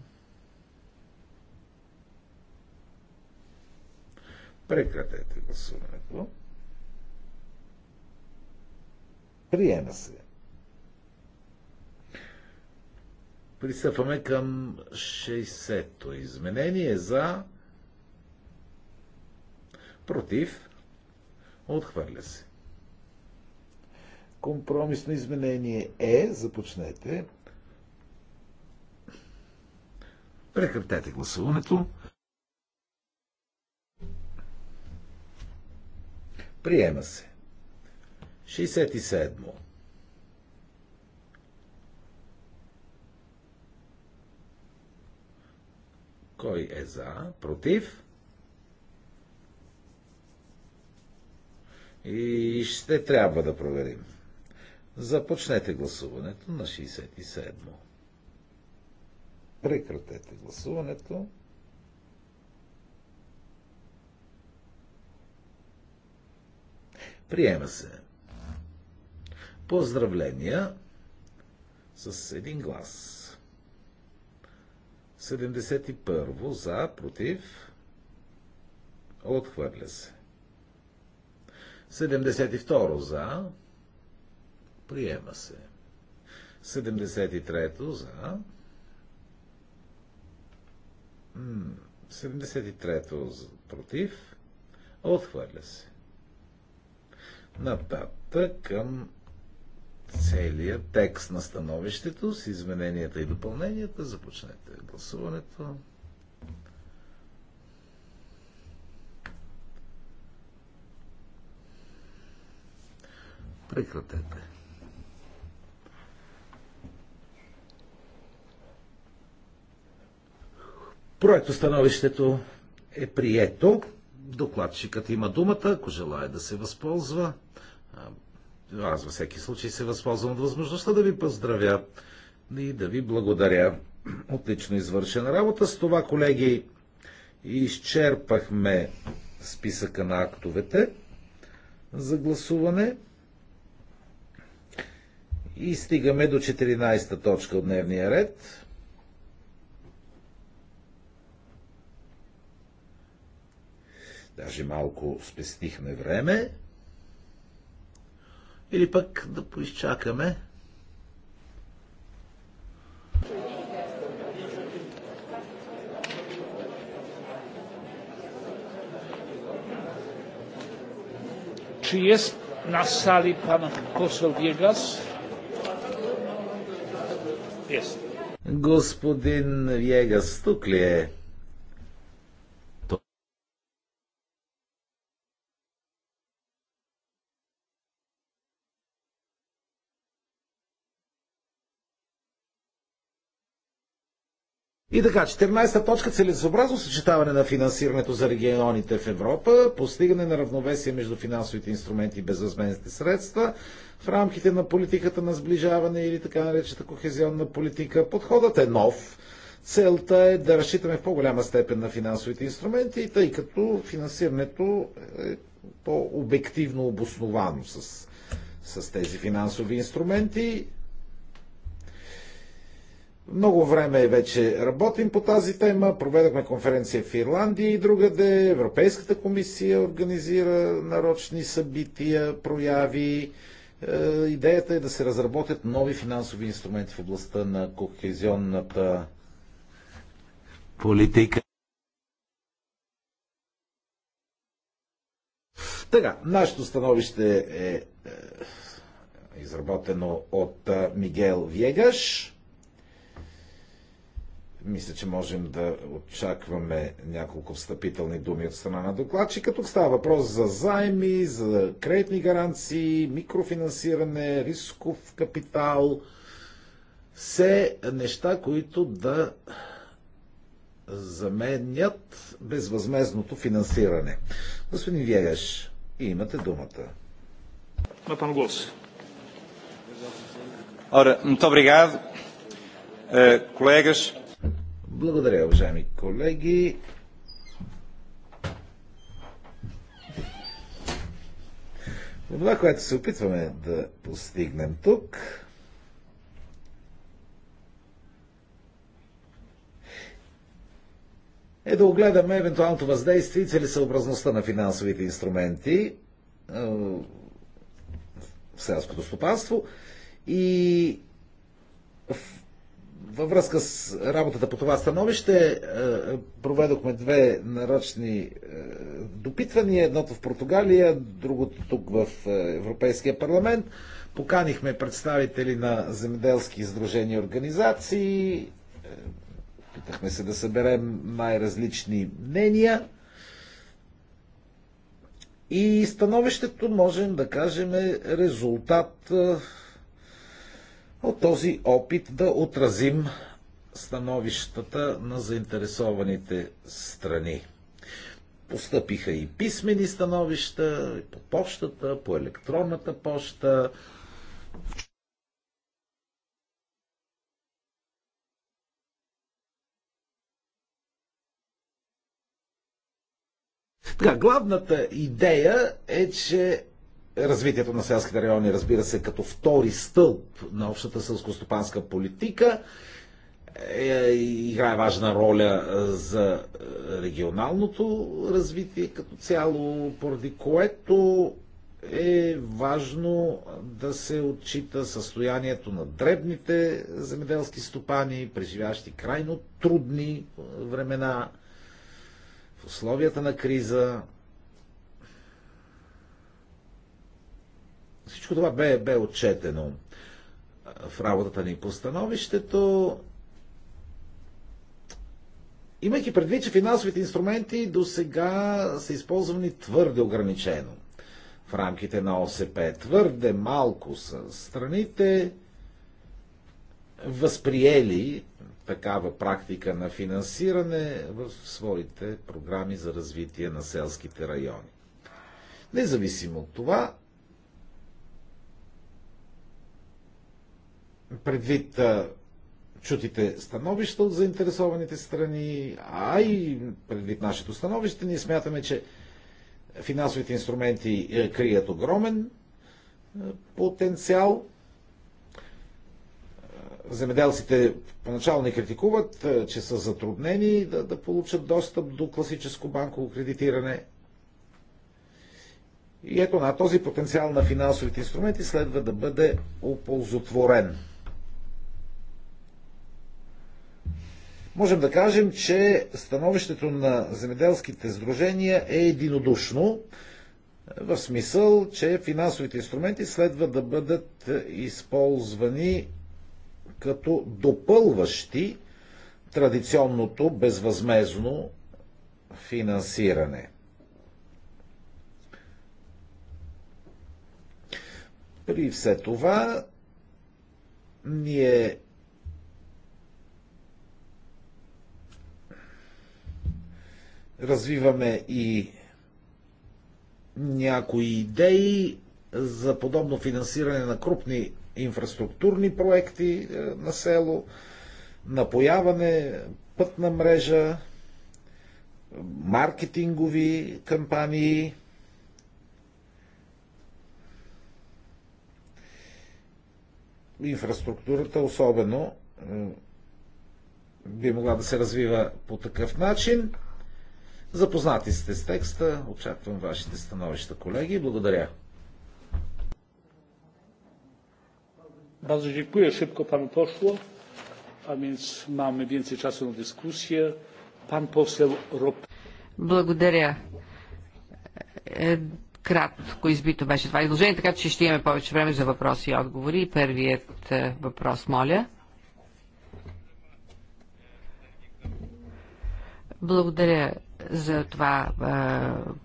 Прекратете гласуването. Приема се. Пристъпваме към 60-то изменение за против Отхвърля се. Компромисно изменение е, започнете. Прекратете гласуването. Приема се. 67. Кой е за? Против? И ще трябва да проверим. Започнете гласуването на 67. Прекратете гласуването. Приема се. Поздравления с един глас. 71 во за, против, отхвърля се. 72 за. Приема се. 73 за. 73-то против. Отхвърля се. Нататък към целият текст на становището с измененията и допълненията. Започнете гласуването. Прекратете. Проектостановището е прието. Докладчикът има думата, ако желая да се възползва. Аз във всеки случай се възползвам от възможността да ви поздравя и да ви благодаря. Отлично извършена работа. С това, колеги, изчерпахме списъка на актовете за гласуване. И стигаме до 14-та точка от дневния ред. Даже малко спестихме време. Или пък да поизчакаме. Czy jest na sali pan poseł Wiegas? Господин Виегас, тук ли е? И така, 14-та точка целесообразно съчетаване на финансирането за регионите в Европа, постигане на равновесие между финансовите инструменти и безвъзменните средства в рамките на политиката на сближаване или така наречената кохезионна политика. Подходът е нов. Целта е да разчитаме в по-голяма степен на финансовите инструменти, тъй като финансирането е по-обективно обосновано с, с тези финансови инструменти много време е вече работим по тази тема. Проведохме конференция в Ирландия и другаде. Европейската комисия организира нарочни събития, прояви. Е, идеята е да се разработят нови финансови инструменти в областта на кохезионната политика. Така, нашето становище е, е изработено от Мигел Вегаш мисля, че можем да очакваме няколко встъпителни думи от страна на докладчика. Тук става въпрос за заеми, за кредитни гаранции, микрофинансиране, рисков капитал. Все неща, които да заменят безвъзмезното финансиране. Господин Вегаш, имате думата. Матан Глос. глас. добре, колегаш. Благодаря, уважаеми колеги. Това, което се опитваме да постигнем тук, е да огледаме евентуалното въздействие и целесъобразността на финансовите инструменти е, в селското стопанство и в във връзка с работата по това становище е, проведохме две нарочни е, допитвания, едното в Португалия, другото тук в е, Европейския парламент. Поканихме представители на земеделски издружени организации, питахме се да съберем най-различни мнения. И становището, можем да кажем, е резултат от този опит да отразим становищата на заинтересованите страни. Постъпиха и писмени становища, и по почтата, по електронната почта. Така, главната идея е, че развитието на селските райони, разбира се, като втори стълб на общата селскостопанска политика, е, играе важна роля е, за е, регионалното развитие като цяло, поради което е важно да се отчита състоянието на дребните земеделски стопани, преживящи крайно трудни времена в условията на криза, Всичко това бе, бе отчетено в работата ни по становището. Имайки предвид, че финансовите инструменти до сега са използвани твърде ограничено в рамките на ОСП. Твърде малко са страните възприели такава практика на финансиране в своите програми за развитие на селските райони. Независимо от това, предвид чутите становища от заинтересованите страни, а и предвид нашето становище, ние смятаме, че финансовите инструменти е, крият огромен е, потенциал. Е, земеделците поначало не критикуват, че са затруднени да, да получат достъп до класическо банково кредитиране. И ето на този потенциал на финансовите инструменти следва да бъде оползотворен. Можем да кажем, че становището на земеделските сдружения е единодушно, е, в смисъл, че финансовите инструменти следва да бъдат е, използвани като допълващи традиционното безвъзмезно финансиране. При все това, ние Развиваме и някои идеи за подобно финансиране на крупни инфраструктурни проекти е, на село, напояване, пътна мрежа, маркетингови кампании. Инфраструктурата особено е, би могла да се развива по такъв начин. Запознати сте с текста, очаквам вашите становища, колеги. Благодаря. Bardzo dziękuję. Szybko panu poszło, a więc mamy więcej czasu na dyskusję. Pan poseł Rop. Благодаря. Е, кратко избито беше това изложение, така че ще имаме повече време за въпроси и отговори. Първият е, въпрос, моля. Благодаря, за това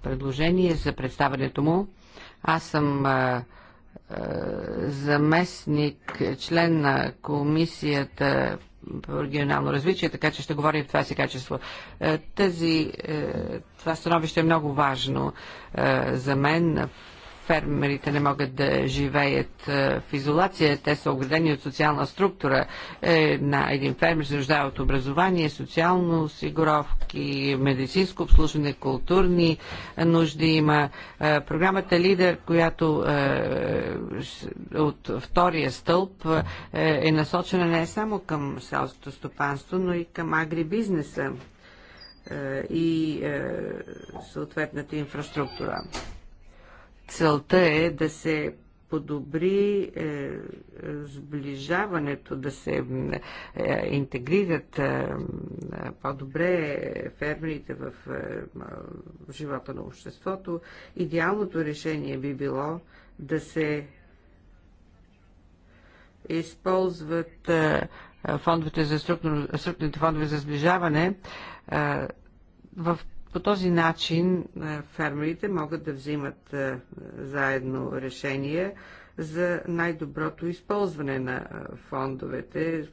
предложение, за представането му. Аз съм заместник, член на комисията по регионално развитие, така че ще говорим в това си качество. Тази, това становище е много важно за мен фермерите не могат да живеят е, в изолация, те са оградени от социална структура. Е, на един фермер се нуждае от образование, социално осигуровки, медицинско обслужване, културни е, нужди има. Програмата Лидер, която от втория стълб е насочена не само към селското стопанство, но и към агрибизнеса и съответната инфраструктура. Целта е да се подобри е, сближаването, да се е, интегрират е, по-добре фермерите в е, живота на обществото. Идеалното решение би било да се използват е, фондовете за структурните фондове за сближаване е, в по този начин е, фермерите могат да взимат е, заедно решение за най-доброто използване на е, фондовете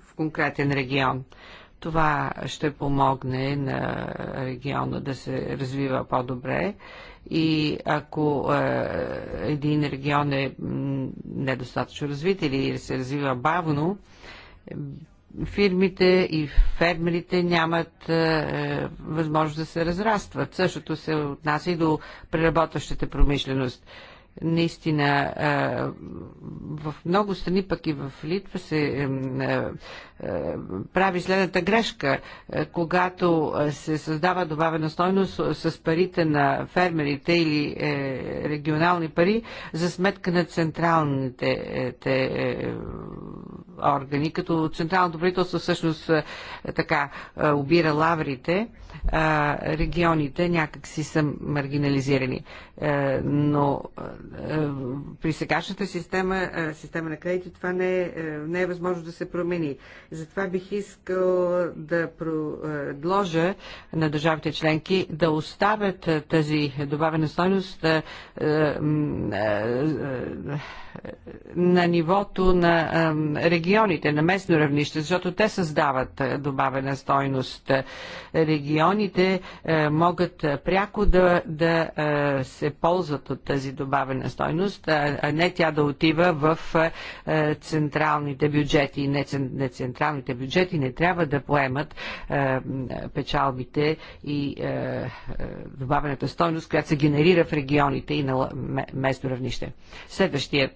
в конкретен регион. Това ще помогне на региона да се развива по-добре и ако е, един регион е недостатъчно развит или се развива бавно, фирмите и фермерите нямат е, е, възможност да се разрастват. Същото се отнася и до преработващата промишленост. Наистина, е, в много страни, пък и в Литва, се е, е прави следната грешка. Е, когато се създава добавена стойност с парите на фермерите или регионални пари за сметка на централните те, органи, като Централното правителство всъщност е, така е, обира лаврите а регионите някакси са маргинализирани. Е, но е, е, при сегашната система, система на кредити, това не е, не е възможно да се промени. Затова бих искал да предложа на държавите членки да оставят тази добавена стойност на нивото на регионите, на местно равнище, защото те създават добавена стойност региони регионите е, могат пряко да, да е, се ползват от тази добавена стойност, а не тя да отива в е, централните бюджети. Не, не централните бюджети не трябва да поемат печалбите и добавената стойност, която се генерира в регионите и на местно равнище. Следващия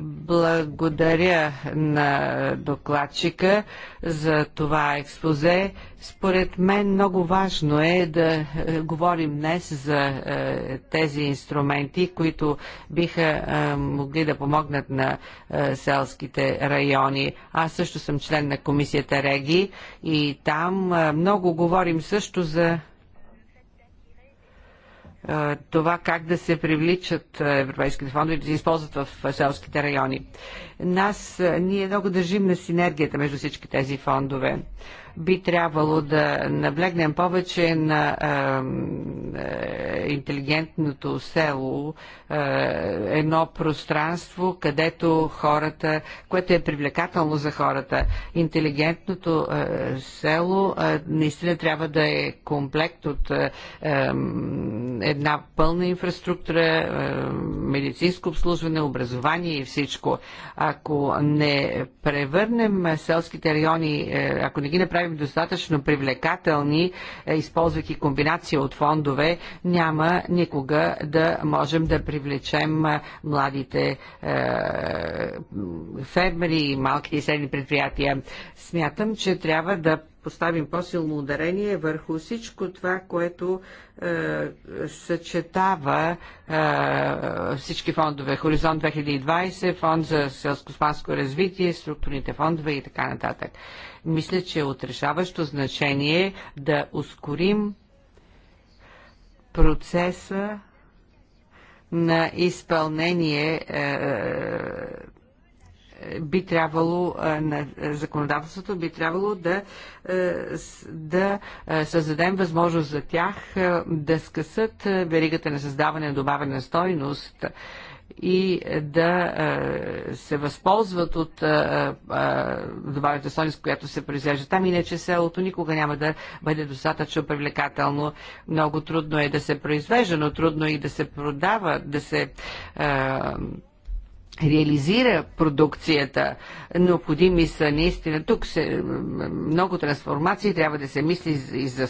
благодаря на докладчика за това експозе. Според мен много важно е да е, говорим днес за е, тези инструменти, които биха е, могли да помогнат на селските райони. Аз също съм член на комисията Реги и там много говорим също за това как да се привличат европейските фондове и да се използват в селските райони. Нас, ние много държим на синергията между всички тези фондове. Би трябвало да наблегнем повече на а, е, интелигентното село, а, е, едно пространство, където хората, което е привлекателно за хората. Интелигентното а, е, село а, наистина трябва да е комплект от а, една пълна инфраструктура, а, медицинско обслужване, образование и всичко. Ако не превърнем селските райони, е, ако не ги направим достатъчно привлекателни, е, използвайки комбинация от фондове, няма никога да можем да привлечем е, младите фермери и малките и средни предприятия. Смятам, че трябва да поставим по-силно ударение върху всичко това, което е, съчетава е, всички фондове. Хоризонт 2020, фонд за селско развитие, структурните фондове и така нататък. Мисля, че е отрешаващо значение да ускорим процеса на изпълнение е, е би трябвало на законодателството би трябвало да, да създадем възможност за тях да скъсат веригата на създаване на добавена стойност и да се възползват от добавената стойност, която се произвежда там. Иначе селото никога няма да бъде достатъчно привлекателно. Много трудно е да се произвежда, но трудно е и да се продава, да се реализира продукцията. Необходими са наистина. Тук се, много трансформации трябва да се мисли и за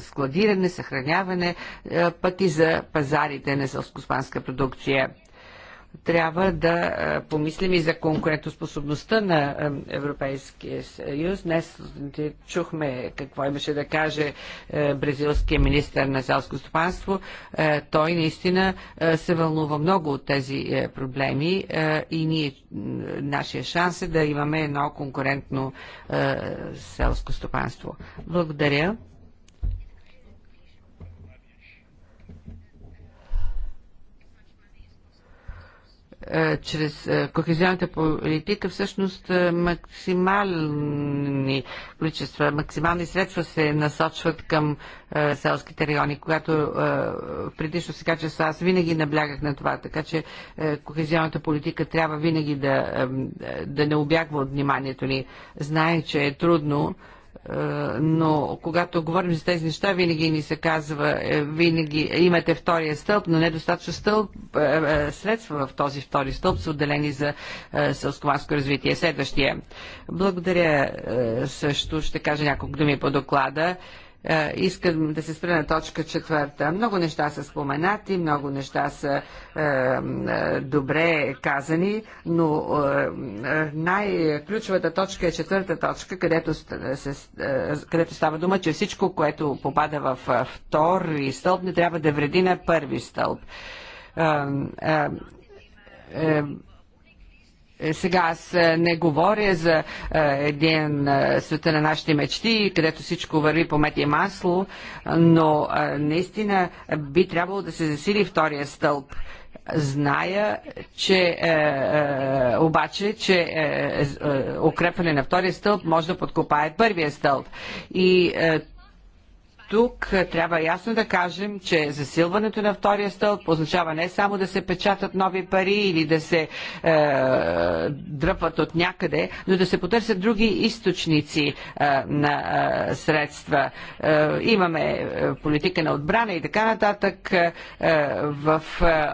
складиране, съхраняване, е, пъти, и за пазарите на селскоспанска продукция трябва да е, помислим и за конкурентоспособността на е, Европейския съюз. Днес чухме какво имаше да каже е, бразилския министр на селско стопанство. Той наистина се вълнува много от тези проблеми и ние, нашия шанс е да имаме едно конкурентно селско стопанство. Благодаря. Е, чрез е, кохезионната политика всъщност е, максимални количества, максимални средства се насочват към селските райони, когато предишно се че аз винаги наблягах на това, така че кохезионната политика трябва винаги да, да не обягва от вниманието ни. Знае, че е трудно, е, но когато говорим за тези неща, винаги ни се казва, е, винаги имате втория стълб, но недостатъчно стълб, е, средства в този втори стълб са отделени за селскоманско развитие. Следващия. Благодаря също, ще кажа няколко думи по доклада. Е, искам да се спра на точка четвърта. Много неща са споменати, много неща са е, е, добре казани, но най-ключовата точка е четвърта точка, където, се, където става дума, че всичко, което попада в втори стълб, не трябва да вреди на първи стълб е, сега аз е, не говоря за е, един света на нашите мечти, където всичко върви по мет и масло, но наистина би трябвало да се засили втория стълб. Зная, че е, е, обаче, че е, е, укрепване на втория стълб може да подкопае първия стълб. И е, тук е, трябва ясно да кажем, че засилването на втория стълб означава не само да се печатат нови пари или да се е, дръпват от някъде, но да се потърсят други източници е, на е, средства. Е, имаме е, политика на отбрана и така нататък е, в. Е,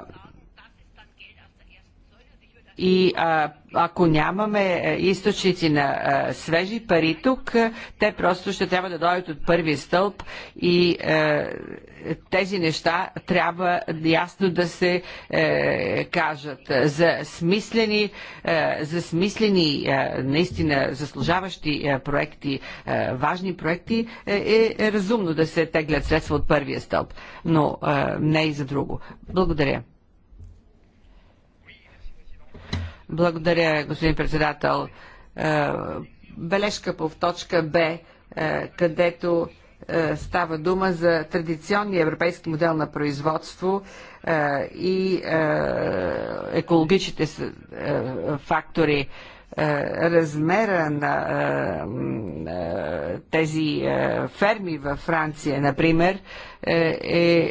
и а, ако нямаме е, източници на а, свежи пари тук, е, те просто ще трябва да дойдат от първи стълб и а, е, тези неща трябва ясно да се а, кажат. За смислени, а, за смислени а, наистина заслужаващи а, проекти, а, важни проекти, е, е разумно да се теглят средства от първия стълб, но а, не и за друго. Благодаря. Благодаря, господин председател. Е, бележка по точка Б, е, където е, става дума за традиционния европейски модел на производство и екологичните фактори. Размера на тези ферми във Франция, например, е, е,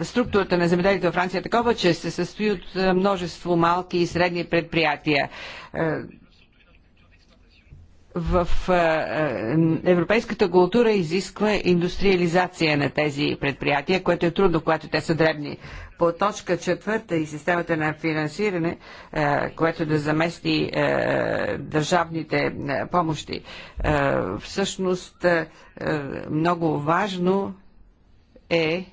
е, структурата на земеделието във Франция е такова, че се състои от е, множество малки и средни предприятия е, в е, европейската култура изисква индустриализация на тези предприятия, което е трудно, когато те са дребни. По точка четвърта и системата на финансиране, което да замести държавните помощи, всъщност много важно е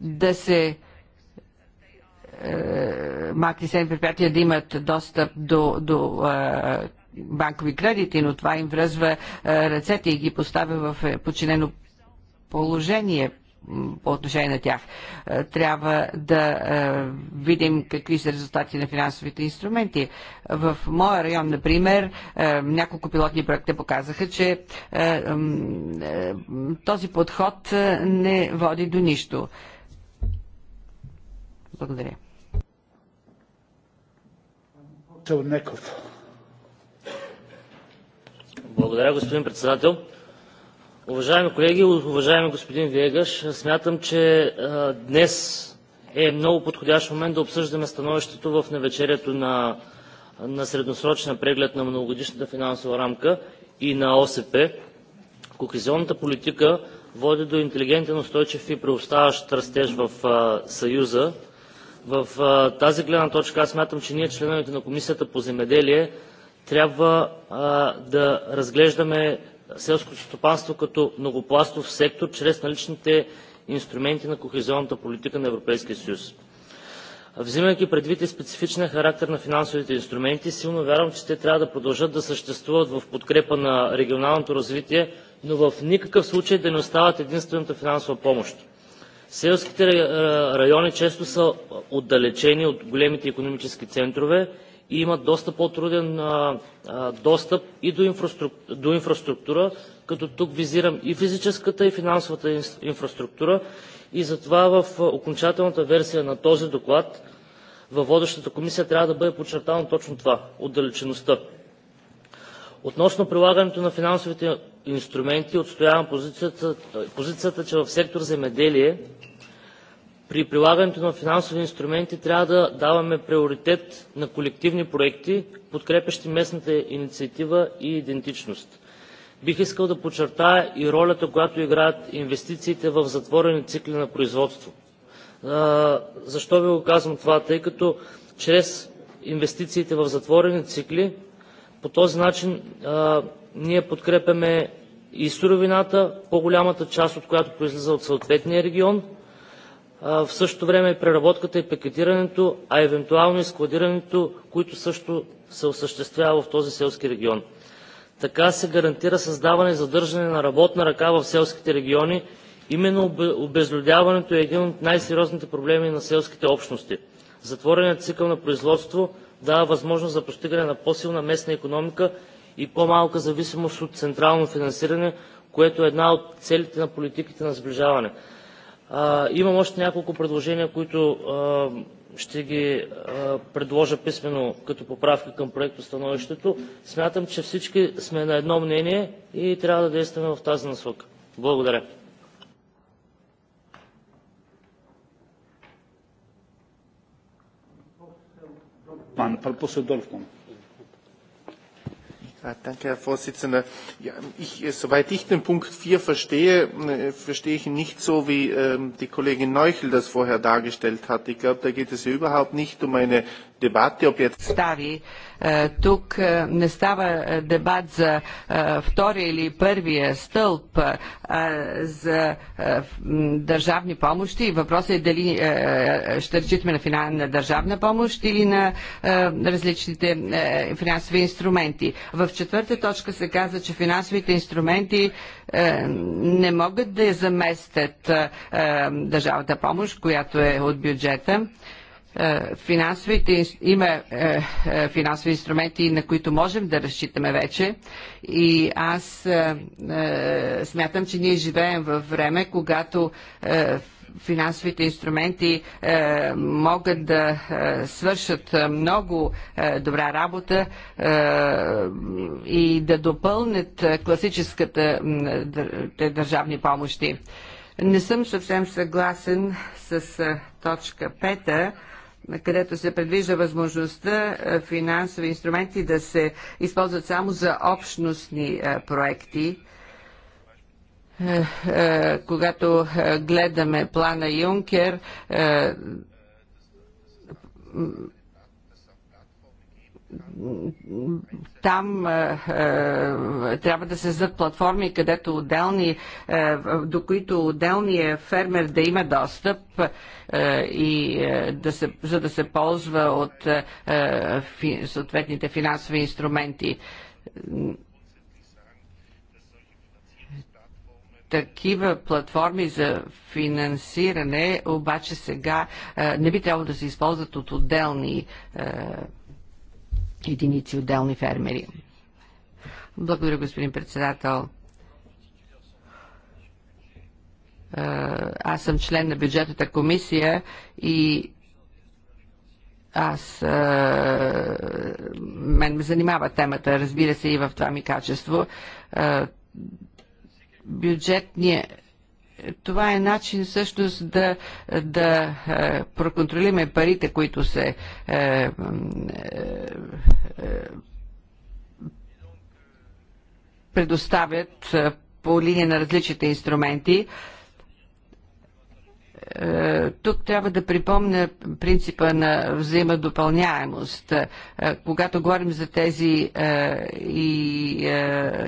да се е, малки и средни предприятия да имат достъп до, до е, банкови кредити, но това им връзва е, ръцете и ги поставя в е, подчинено положение по отношение на тях. Е, трябва да е, видим какви са резултати на финансовите инструменти. В моя район, например, е, няколко пилотни проекта показаха, че този подход не води до нищо. Благодаря. Благодаря, господин председател. Уважаеми колеги, уважаеми господин Виегаш, смятам, че днес е много подходящ момент да обсъждаме становището в навечерието на, на средносрочния преглед на многогодишната финансова рамка и на ОСП. Кохезионната политика води до интелигентен, устойчив и преоставащ растеж в а, Съюза. В а, тази гледна точка аз смятам, че ние, членовете на Комисията по земеделие, трябва а, да разглеждаме селското стопанство като многопластов сектор чрез наличните инструменти на кохезионната политика на Европейския съюз. Взимайки предвид и специфичния характер на финансовите инструменти, силно вярвам, че те трябва да продължат да съществуват в подкрепа на регионалното развитие, но в никакъв случай да не остават единствената финансова помощ. Селските райони често са отдалечени от големите икономически центрове и имат доста по-труден достъп и до инфраструктура, като тук визирам и физическата, и финансовата инфраструктура. и Затова в окончателната версия на този доклад във водещата комисия трябва да бъде подчертано точно това – отдалечеността. Относно прилагането на финансовите инструменти отстоявам позицията, че в сектор „Земеделие“ при прилагането на финансови инструменти трябва да даваме приоритет на колективни проекти, подкрепящи местната инициатива и идентичност. Бих искал да подчертая и ролята, която играят инвестициите в затворени цикли на производство. Защо ви го казвам това? Тъй като чрез инвестициите в затворени цикли по този начин ние подкрепяме и суровината, по-голямата част от която произлиза от съответния регион, в същото време е преработката и пакетирането, а евентуално и складирането, които също се осъществява в този селски регион. Така се гарантира създаване и задържане на работна ръка в селските региони. Именно обезлюдяването е един от най-сериозните проблеми на селските общности. Затвореният цикъл на производство дава възможност за постигане на по-силна местна економика и по-малка зависимост от централно финансиране, което е една от целите на политиките на сближаване. А, имам още няколко предложения, които а, ще ги а, предложа писменно като поправка към проектостановището. Смятам, че всички сме на едно мнение и трябва да действаме в тази насока. Благодаря. Pan, pan poseł Dorfman. Danke, Herr Vorsitzender. Ja, ich, soweit ich den Punkt 4 verstehe, verstehe ich ihn nicht so, wie ähm, die Kollegin Neuchel das vorher dargestellt hat. Ich glaube, da geht es ja überhaupt nicht um eine Стави. Е, тук е, не става е, дебат за втория или първия стълб за държавни помощи. Въпросът е дали ще речитме на, на държавна помощ или на различните финансови инструменти. В четвърта точка се казва, че финансовите инструменти не могат да заместят държавната помощ, която е от бюджета. Е, финансовите, има е, е, финансови инструменти, на които можем да разчитаме вече. И аз смятам, че ние живеем във време, когато финансовите инструменти е, могат да е, свършат много е, добра работа е, и да допълнят класическата е, държавни помощи. Не съм съвсем съгласен с е, точка 5 където се предвижда възможността е, финансови инструменти да се използват само за общностни е, проекти е, когато гледаме плана Юнкер, там е, е, трябва да се създадат платформи, където отделни, е, до които отделният е фермер да има достъп е, и да се, за да се ползва от фи, съответните финансови инструменти. Такива платформи за финансиране обаче сега не би трябвало да се използват от отделни е, единици отделни фермери. Благодаря, господин председател. Е, аз съм член на бюджетната комисия и аз а, е, мен ме занимава темата, разбира се, и в това ми качество. А, е, бюджетния това е начин всъщност да, да е, проконтролиме парите, които се е, е, е предоставят е, по линия на различните инструменти. Е, е, тук трябва да припомня принципа на взаимодопълняемост. Е, когато говорим за тези е, и,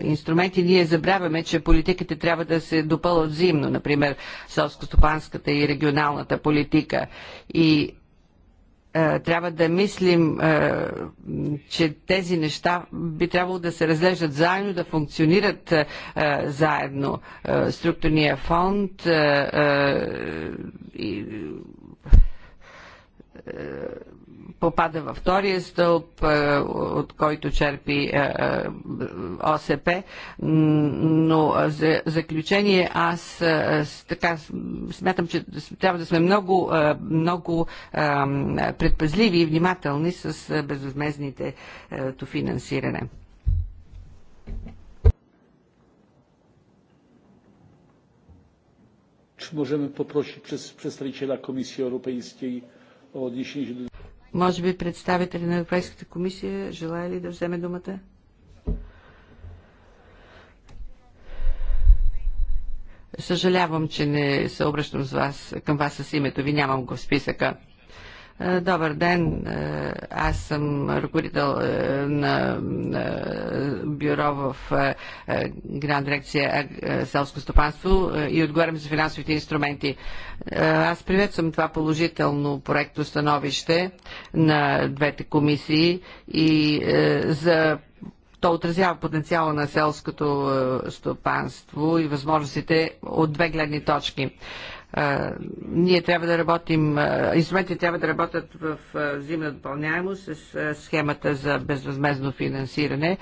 инструменти, ние забравяме, че политиките трябва да се допълват взаимно, например, селско-стопанската и регионалната политика. И е, трябва да мислим, е, че тези неща би трябвало да се разлежат заедно, да функционират е, заедно. Структурния фонд и попада във втория стълб, е, от който черпи е, е, ОСП, но за заключение аз така смятам, че трябва да сме много, много предпазливи и внимателни с безвъзмезните финансиране. Czy możemy poprosić przez przedstawiciela Komisji Europejskiej o odniesienie się do... Може би представители на Европейската комисия желая ли да вземе думата? Съжалявам, че не се обръщам с вас, към вас с името ви, нямам го в списъка. Е, добър ден, е, аз съм ръководител е, на бюро в Гран дирекция селско стопанство и отговарям за финансовите инструменти. Аз приветствам това положително проекто становище на двете комисии и за то отразява потенциала на селското стопанство и възможностите от две гледни точки ние трябва да работим, инструментите трябва да работят в взаимна допълняемост с схемата за безвъзмезно финансиране.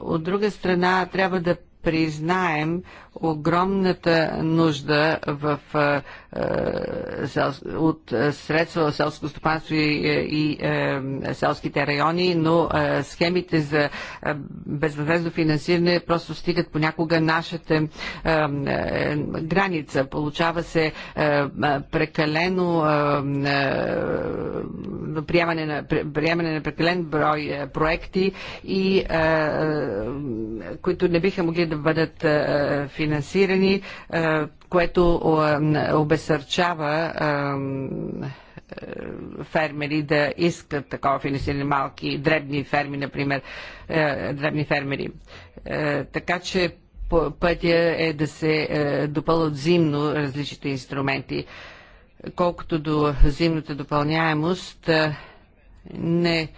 От друга страна, трябва да признаем огромната нужда в, е, сел, от средства в селско стопанство и, и е, селските райони, но схемите за безвъзмезно финансиране просто стигат понякога нашата граница. Получава се прекалено приемане на, приемане на прекален брой проекти и които не биха могли да бъдат финансирани финансирани, е, което е, обесърчава е, фермери да искат такова финансиране, малки, дребни ферми, например, дребни фермери. Така че пътя е да се допълват зимно различните инструменти. Колкото до зимната допълняемост, не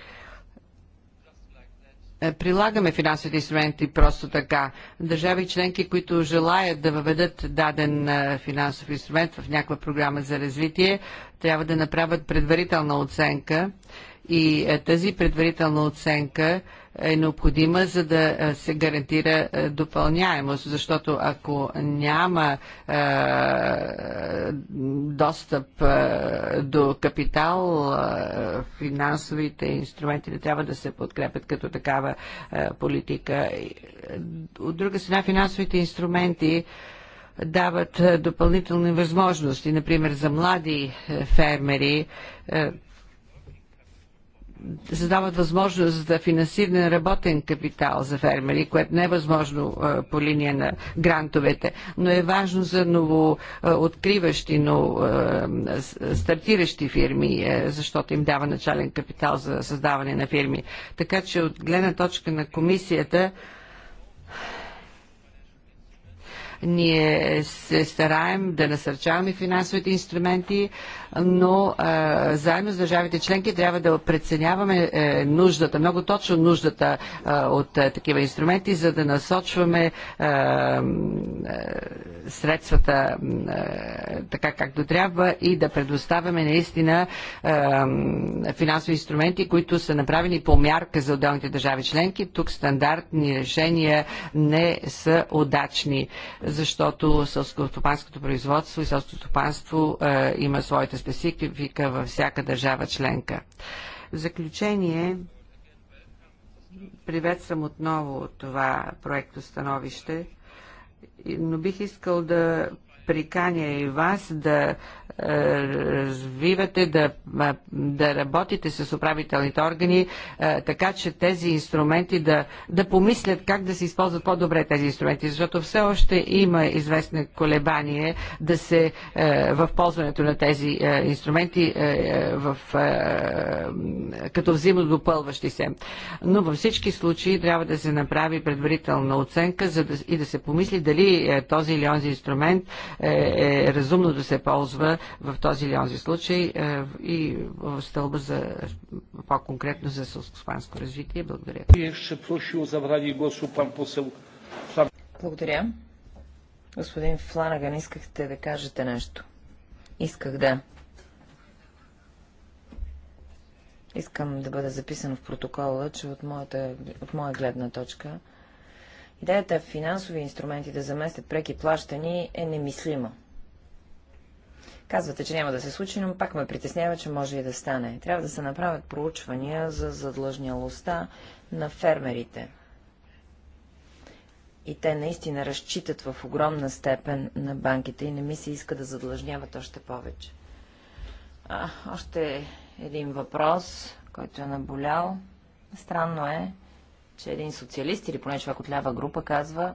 е, прилагаме финансовите инструменти просто така. Държави членки, които желаят да въведат даден е, финансов инструмент в някаква програма за развитие, трябва да направят предварителна оценка и е, тази предварителна оценка е необходима, за да се гарантира допълняемост, защото ако няма е, достъп е, до капитал, е, финансовите инструменти не трябва да се подкрепят като такава политика. От друга страна, финансовите инструменти дават допълнителни възможности, например за млади фермери, задават възможност за финансиране на работен капитал за фермери, което не е възможно по линия на грантовете, но е важно за ново откриващи, но стартиращи фирми, защото им дава начален капитал за създаване на фирми. Така че от гледна точка на комисията, ние се стараем да насърчаваме финансовите инструменти, но а, заедно с държавите членки трябва да преценяваме а, е, нуждата, много точно нуждата а, от а, такива инструменти, за да насочваме а, а, средствата а, така както трябва и да предоставяме наистина а, финансови инструменти, които са направени по мярка за отделните държави членки. Тук стандартни решения не са удачни защото селскостопанското производство и селскостопанство е, има своята специфика във всяка държава членка. В заключение, приветствам отново това проекто становище, но бих искал да приканя и вас да е, развивате, да, да работите с управителните органи, е, така че тези инструменти да, да помислят как да се използват по-добре тези инструменти, защото все още има известно колебание да се е, в ползването на тези инструменти в, като взаимодопълващи се. Но във всички случаи трябва да се направи предварителна оценка за да, и да се помисли дали този или онзи инструмент е, е разумно да се ползва в този или онзи случай е, и в стълба за по-конкретно за сълско-спанско развитие. Благодаря. Благодаря. Господин Фланаган, искахте да кажете нещо. Исках да. Искам да бъде записано в протокола, че от, моята, от моя гледна точка Идеята финансови инструменти да заместят преки плащани е немислима. Казвате, че няма да се случи, но пак ме притеснява, че може и да стане. Трябва да се направят проучвания за задлъжнялостта на фермерите. И те наистина разчитат в огромна степен на банките и не ми се иска да задлъжняват още повече. А, още един въпрос, който е наболял. Странно е, че един социалист или поне човек от лява група казва,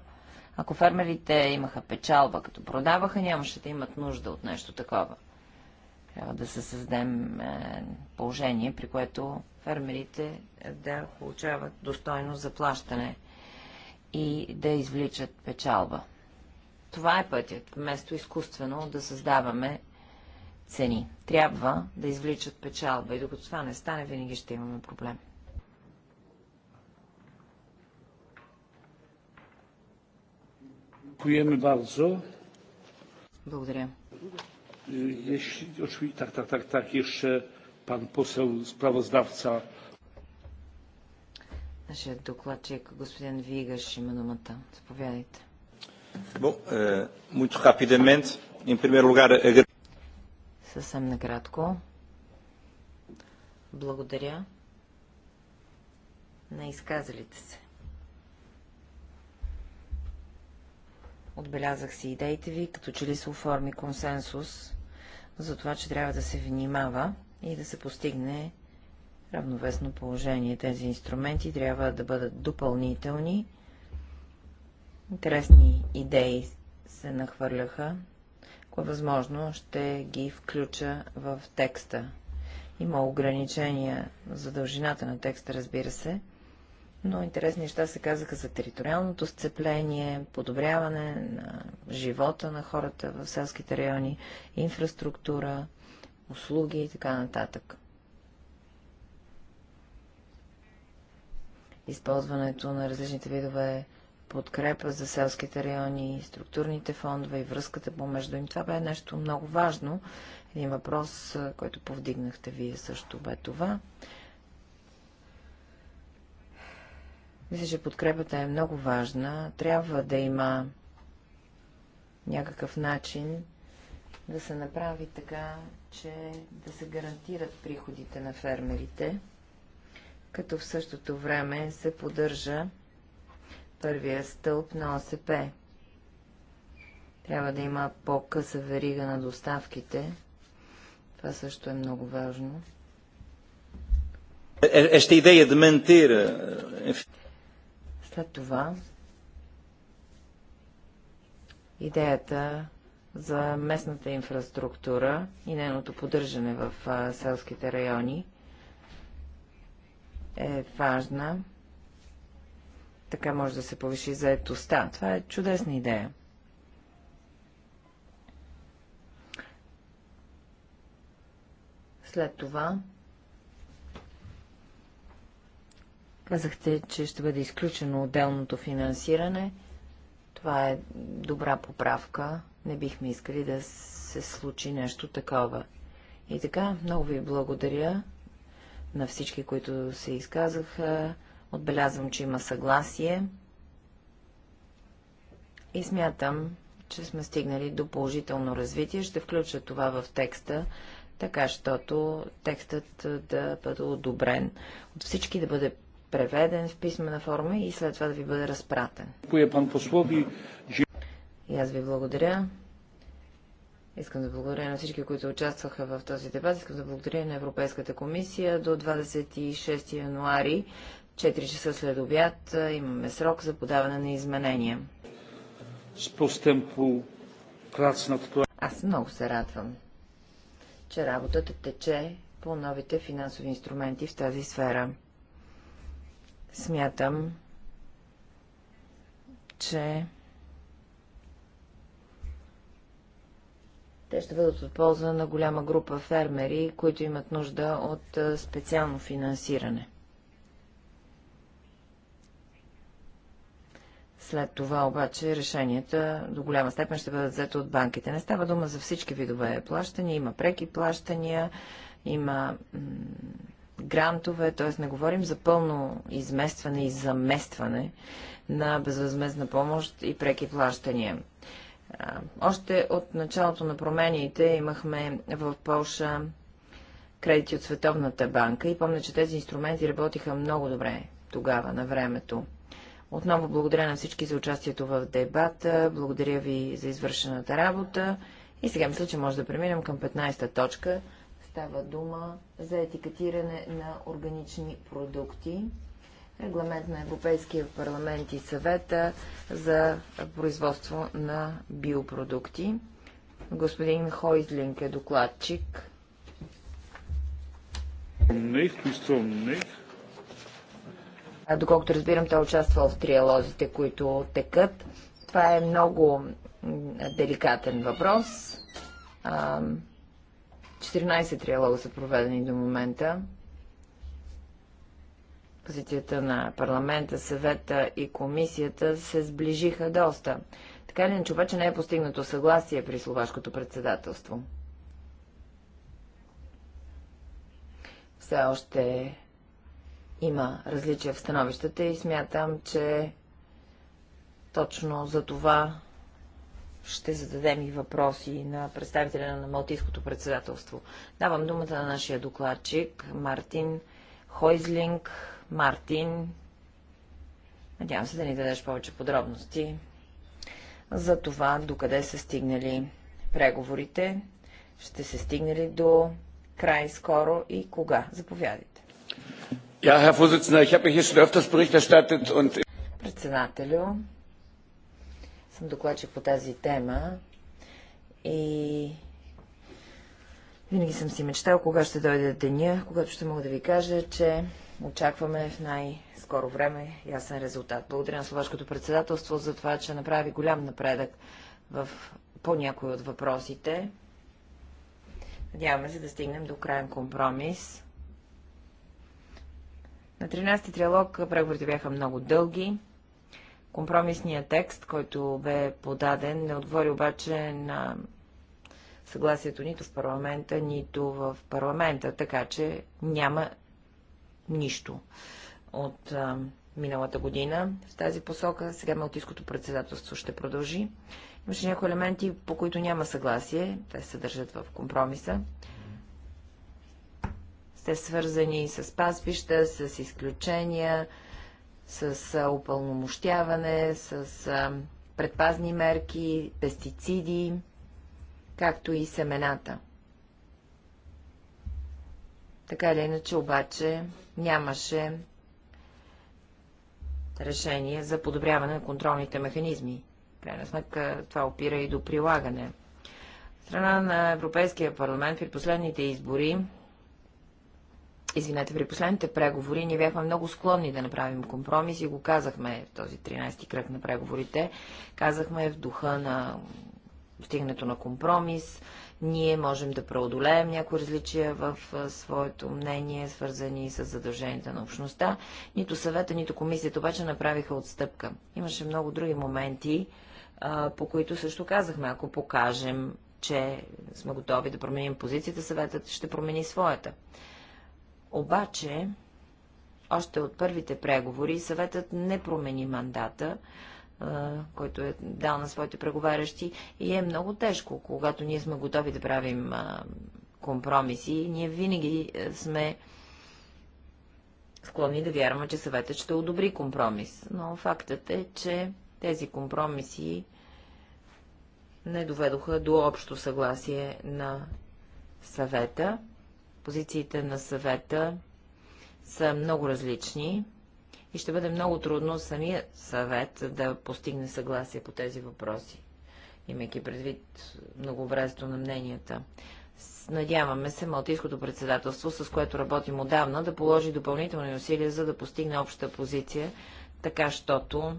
ако фермерите имаха печалба, като продаваха, нямаше да имат нужда от нещо такова. Трябва да се създадем е, положение, при което фермерите е, да получават достойно заплащане и да извличат печалба. Това е пътят, вместо изкуствено да създаваме цени. Трябва да извличат печалба и докато това не стане, винаги ще имаме проблем. Dziękujemy bardzo. Благодаря. Jeśli, oczywiście, tak, tak, tak, tak, jeszcze pan poseł sprawozdawca. Нашия докладчик, господин Вигаш, има думата. Заповядайте. Bom, uh, muito rapidamente, em primeiro lugar, Съвсем накратко. Благодаря на изказалите се. Отбелязах си идеите ви, като че ли се оформи консенсус за това, че трябва да се внимава и да се постигне равновесно положение. Тези инструменти трябва да бъдат допълнителни. Интересни идеи се нахвърляха. Ако възможно, ще ги включа в текста. Има ограничения за дължината на текста, разбира се но интересни неща се казаха за териториалното сцепление, подобряване на живота на хората в селските райони, инфраструктура, услуги и така нататък. Използването на различните видове подкрепа за селските райони, структурните фондове и връзката помежду им. Това бе нещо много важно. Един въпрос, който повдигнахте вие също бе това. Мисля, че подкрепата е много важна. Трябва да има някакъв начин да се направи така, че да се гарантират приходите на фермерите, като в същото време се поддържа първия стълб на ОСП. Трябва да има по-къса верига на доставките. Това също е много важно. Esta ideia de manter след това идеята за местната инфраструктура и нейното поддържане в селските райони е важна. Така може да се повиши заедостта. Това е чудесна идея. След това Казахте, че ще бъде изключено отделното финансиране. Това е добра поправка. Не бихме искали да се случи нещо такова. И така, много ви благодаря на всички, които се изказаха. Отбелязвам, че има съгласие. И смятам, че сме стигнали до положително развитие. Ще включа това в текста, така, щото текстът да бъде одобрен. От всички да бъде преведен в писмена форма и след това да ви бъде разпратен. И аз ви благодаря. Искам да благодаря на всички, които участваха в този дебат. Искам да благодаря на Европейската комисия. До 26 януари, 4 часа след обяд, имаме срок за подаване на изменения. крацната... Аз много се радвам, че работата тече по новите финансови инструменти в тази сфера. Смятам, че те ще бъдат от полза на голяма група фермери, които имат нужда от специално финансиране. След това обаче решенията до голяма степен ще бъдат взети от банките. Не става дума за всички видове плащания. Има преки плащания, има грантове, т.е. не говорим за пълно изместване и заместване на безвъзмезна помощ и преки плащания. Още от началото на промените имахме в Полша кредити от Световната банка и помня, че тези инструменти работиха много добре тогава, на времето. Отново благодаря на всички за участието в дебата, благодаря ви за извършената работа и сега мисля, че може да преминем към 15-та точка Става дума за етикетиране на органични продукти. Регламент на Европейския парламент и съвета за производство на биопродукти. Господин Хойзлинг е докладчик. А доколкото разбирам, той участва в триалозите, които текат. Това е много деликатен въпрос. 14 триалога са проведени до момента. Позицията на парламента, съвета и комисията се сближиха доста. Така или иначе обаче не е постигнато съгласие при словашкото председателство. Все още има различия в становищата и смятам, че точно за това ще зададем и въпроси на представителя на Малтийското председателство. Давам думата на нашия докладчик Мартин Хойзлинг. Мартин, надявам се да ни дадеш повече подробности за това, докъде са стигнали преговорите, ще се стигнали до край скоро и кога. Заповядайте. Председателю, съм докладчик по тази тема и винаги съм си мечтал кога ще дойде деня, когато ще мога да ви кажа, че очакваме в най-скоро време ясен резултат. Благодаря на Словашкото председателство за това, че направи голям напредък в, по някои от въпросите. Надяваме се да стигнем до крайен компромис. На 13-ти триалог преговорите бяха много дълги. Компромисният текст, който бе подаден, не отговори обаче на съгласието нито в парламента, нито в парламента, така че няма нищо от а, миналата година в тази посока. Сега Малтийското председателство ще продължи. Имаше някои елементи, по които няма съгласие. Те се съдържат в компромиса. Те свързани с пазвища, с изключения, с опълномощяване, с предпазни мерки, пестициди, както и семената. Така или иначе обаче нямаше решение за подобряване на контролните механизми. Крайна сметка това опира и до прилагане. Страна на Европейския парламент при последните избори Извинете, при последните преговори ние бяхме много склонни да направим компромис и го казахме в този 13-ти кръг на преговорите. Казахме в духа на постигането на компромис, ние можем да преодолеем някои различия в своето мнение, свързани с задълженията на общността. Нито съвета, нито комисията обаче направиха отстъпка. Имаше много други моменти, по които също казахме, ако покажем, че сме готови да променим позицията, съветът ще промени своята. Обаче, още от първите преговори, съветът не промени мандата, който е дал на своите преговарящи и е много тежко, когато ние сме готови да правим компромиси. Ние винаги е, сме склонни да вярваме, че съветът ще одобри компромис. Но фактът е, че тези компромиси не доведоха до общо съгласие на съвета Позициите на съвета са много различни и ще бъде много трудно самия съвет да постигне съгласие по тези въпроси, имайки предвид многообразието на мненията. Надяваме се Малтийското председателство, с което работим отдавна, да положи допълнителни усилия, за да постигне обща позиция, така щото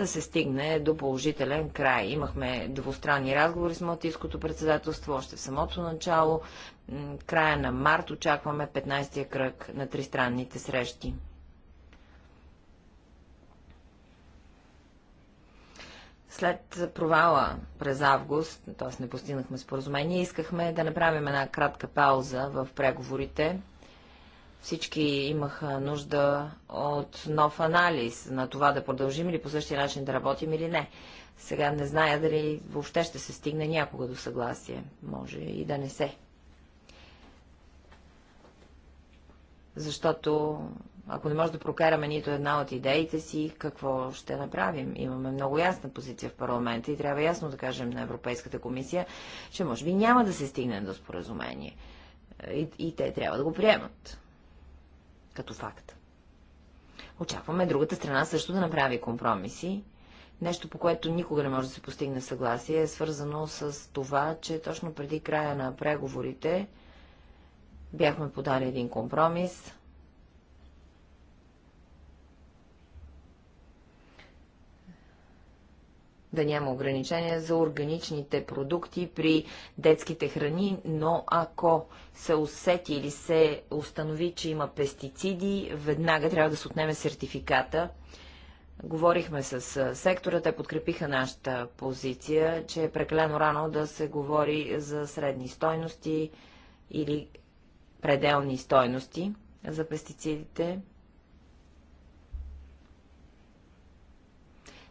да се стигне до положителен край. Имахме двустранни разговори с Малтийското председателство още в самото начало. Края на март очакваме 15-я кръг на тристранните срещи. След провала през август, т.е. не постигнахме споразумение, искахме да направим една кратка пауза в преговорите всички имаха нужда от нов анализ на това да продължим или по същия начин да работим или не. Сега не зная дали въобще ще се стигне някога до съгласие. Може и да не се. Защото ако не може да прокараме нито една от идеите си, какво ще направим? Имаме много ясна позиция в парламента и трябва ясно да кажем на Европейската комисия, че може би няма да се стигне до споразумение. И, и те трябва да го приемат като факт. Очакваме другата страна също да направи компромиси. Нещо, по което никога не може да се постигне съгласие, е свързано с това, че точно преди края на преговорите бяхме подали един компромис, да няма ограничения за органичните продукти при детските храни, но ако се усети или се установи, че има пестициди, веднага трябва да се отнеме сертификата. Говорихме с сектора, те подкрепиха нашата позиция, че е прекалено рано да се говори за средни стойности или пределни стойности за пестицидите,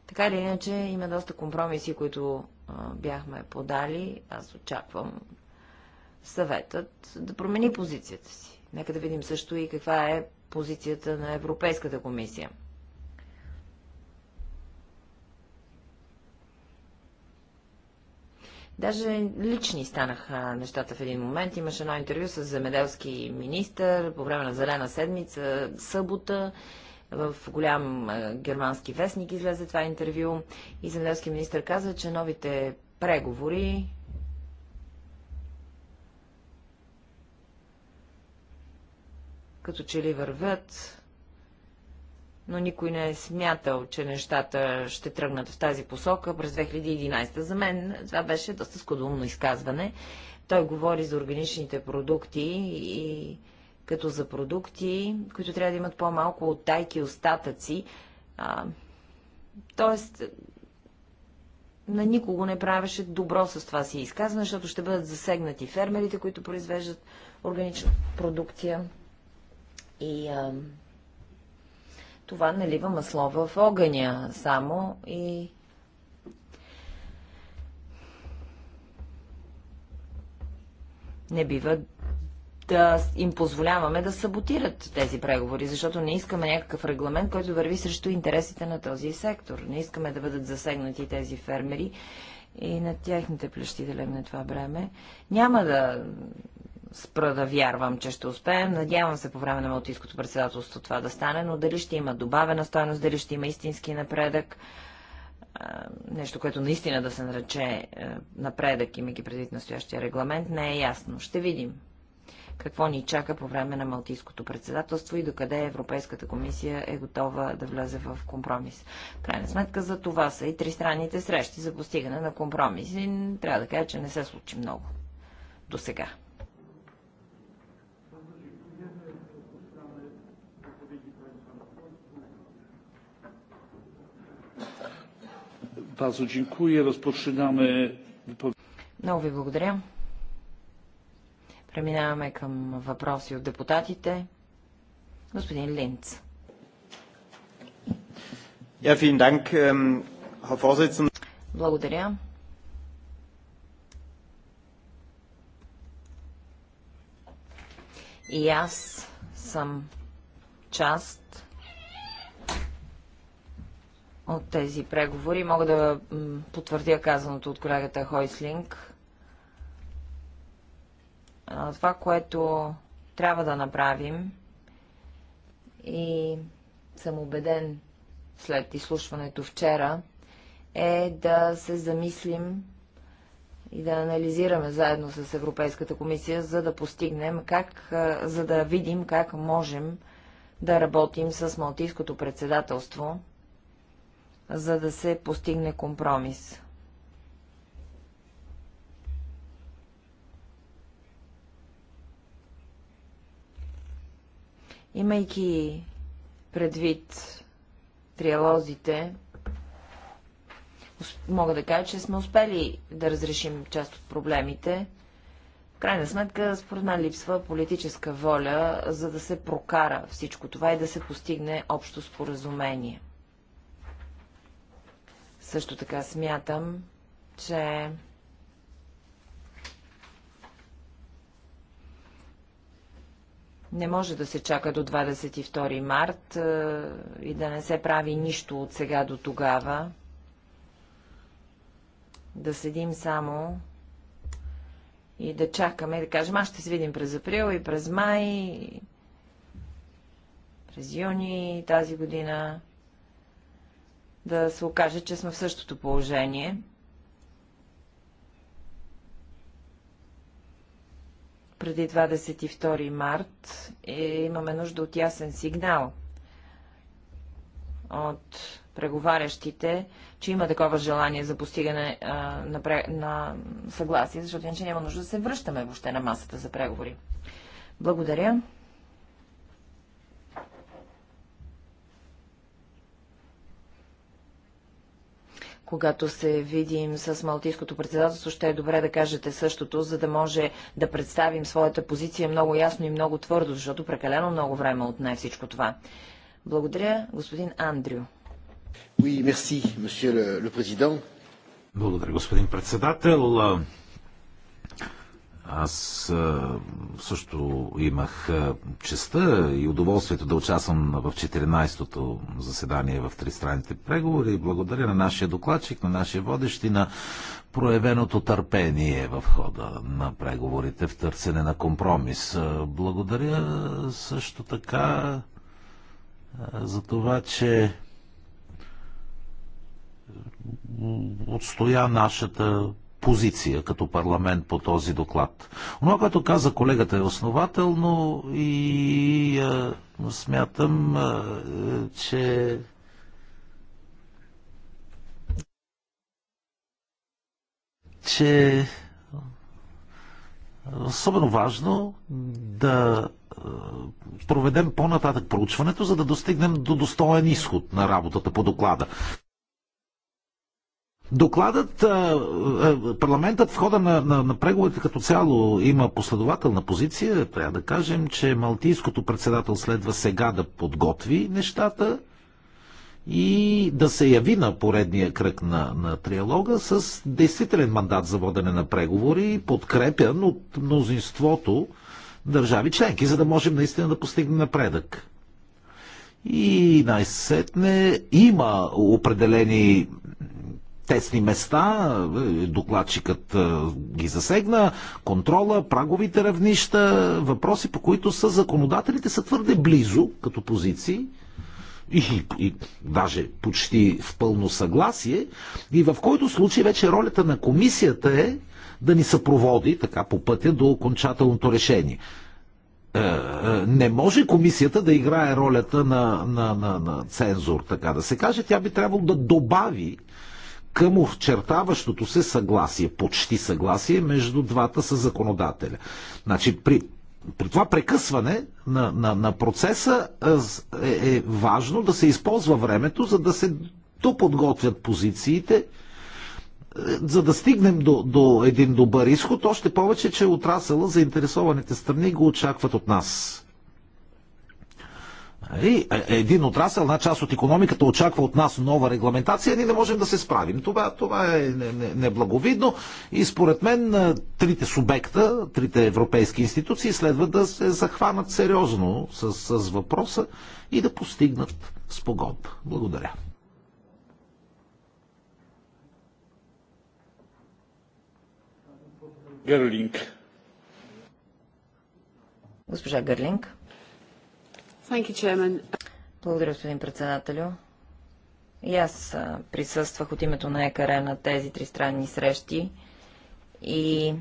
Така или иначе, има доста компромиси, които а, бяхме подали. Аз очаквам съветът да промени позицията си. Нека да видим също и каква е позицията на Европейската комисия. Даже лични станаха нещата в един момент. Имаше едно интервю с земеделски министър по време на Зелена седмица, събота. В голям германски вестник излезе това интервю и земеделски министр каза, че новите преговори като че ли вървят, но никой не е смятал, че нещата ще тръгнат в тази посока през 2011. За мен това беше доста скудоумно изказване. Той говори за органичните продукти и като за продукти, които трябва да имат по-малко оттайки, остатъци. А, тоест, на никого не правеше добро с това си изказване, защото ще бъдат засегнати фермерите, които произвеждат органична продукция. И а, това налива масло в огъня само и не бива да им позволяваме да саботират тези преговори, защото не искаме някакъв регламент, който върви срещу интересите на този сектор. Не искаме да бъдат засегнати тези фермери и на тяхните плещи да легне това бреме. Няма да спра да вярвам, че ще успеем. Надявам се по време на Малтийското председателство това да стане, но дали ще има добавена стоеност, дали ще има истински напредък, нещо, което наистина да се нарече е, напредък, имайки предвид настоящия регламент, не е ясно. Ще видим какво ни чака по време на Малтийското председателство и докъде Европейската комисия е готова да влезе в компромис. В крайна сметка за това са и тристранните срещи за постигане на компромис. И трябва да кажа, че не се случи много до сега. Bardzo dziękuję. Rozpoczynamy. Много ви благодаря. Преминаваме към въпроси от депутатите. Господин Линц. Ähm, Благодаря. И аз съм част от тези преговори. Мога да потвърдя казаното от колегата Хойслинг това, което трябва да направим и съм убеден след изслушването вчера, е да се замислим и да анализираме заедно с Европейската комисия, за да постигнем как, за да видим как можем да работим с Малтийското председателство, за да се постигне компромис. Имайки предвид триалозите, мога да кажа, че сме успели да разрешим част от проблемите. В крайна сметка, според мен липсва политическа воля, за да се прокара всичко това и да се постигне общо споразумение. Също така смятам, че Не може да се чака до 22 март и да не се прави нищо от сега до тогава. Да седим само и да чакаме и да кажем, аз ще се видим през април и през май, през юни тази година. Да се окаже, че сме в същото положение – преди 22 март и е, имаме нужда от ясен сигнал от преговарящите, че има такова желание за постигане а, на, на съгласие, защото иначе няма нужда да се връщаме въобще на масата за преговори. Благодаря. когато се видим с Малтийското председателство, ще е добре да кажете същото, за да може да представим своята позиция много ясно и много твърдо, защото прекалено много време от най- всичко това. Благодаря, господин Андрю. Благодаря, господин председател. Аз също имах честа и удоволствието да участвам в 14-то заседание в тристранните преговори. Благодаря на нашия докладчик, на нашия водещ и на проявеното търпение в хода на преговорите в търсене на компромис. Благодаря също така за това, че отстоя нашата позиция като парламент по този доклад. Това, което каза колегата е основателно и а, смятам, а, че че особено важно да проведем по-нататък проучването, за да достигнем до достоен изход на работата по доклада. Докладът, парламентът в хода на, на, на преговорите като цяло има последователна позиция. Трябва да кажем, че Малтийското председател следва сега да подготви нещата и да се яви на поредния кръг на, на триалога с действителен мандат за водене на преговори, подкрепен от мнозинството държави членки, за да можем наистина да постигнем напредък. И най-сетне има определени тесни места, е, докладчикът е, ги засегна, контрола, праговите равнища, въпроси, по които са законодателите са твърде близо като позиции и, и даже почти в пълно съгласие, и в който случай вече ролята на комисията е да ни съпроводи така по пътя до окончателното решение. Е, е, не може комисията да играе ролята на, на, на, на цензур, така да се каже. Тя би трябвало да добави към очертаващото се съгласие, почти съгласие между двата са законодателя. Значи при, при това прекъсване на, на, на процеса е, е важно да се използва времето, за да се доподготвят позициите, е, за да стигнем до, до един добър изход, още повече, че отрасъла заинтересованите страни го очакват от нас. Нали, е, е, един отрасъл, една част от економиката очаква от нас нова регламентация, ние не можем да се справим. Това, това е неблаговидно и според мен е, трите субекта, трите европейски институции следва да се захванат сериозно с, с въпроса и да постигнат спогод. Благодаря. Гърлинг. Госпожа Гърлинг. Благодаря, господин председателю. И аз присъствах от името на ЕКР на тези тристранни срещи и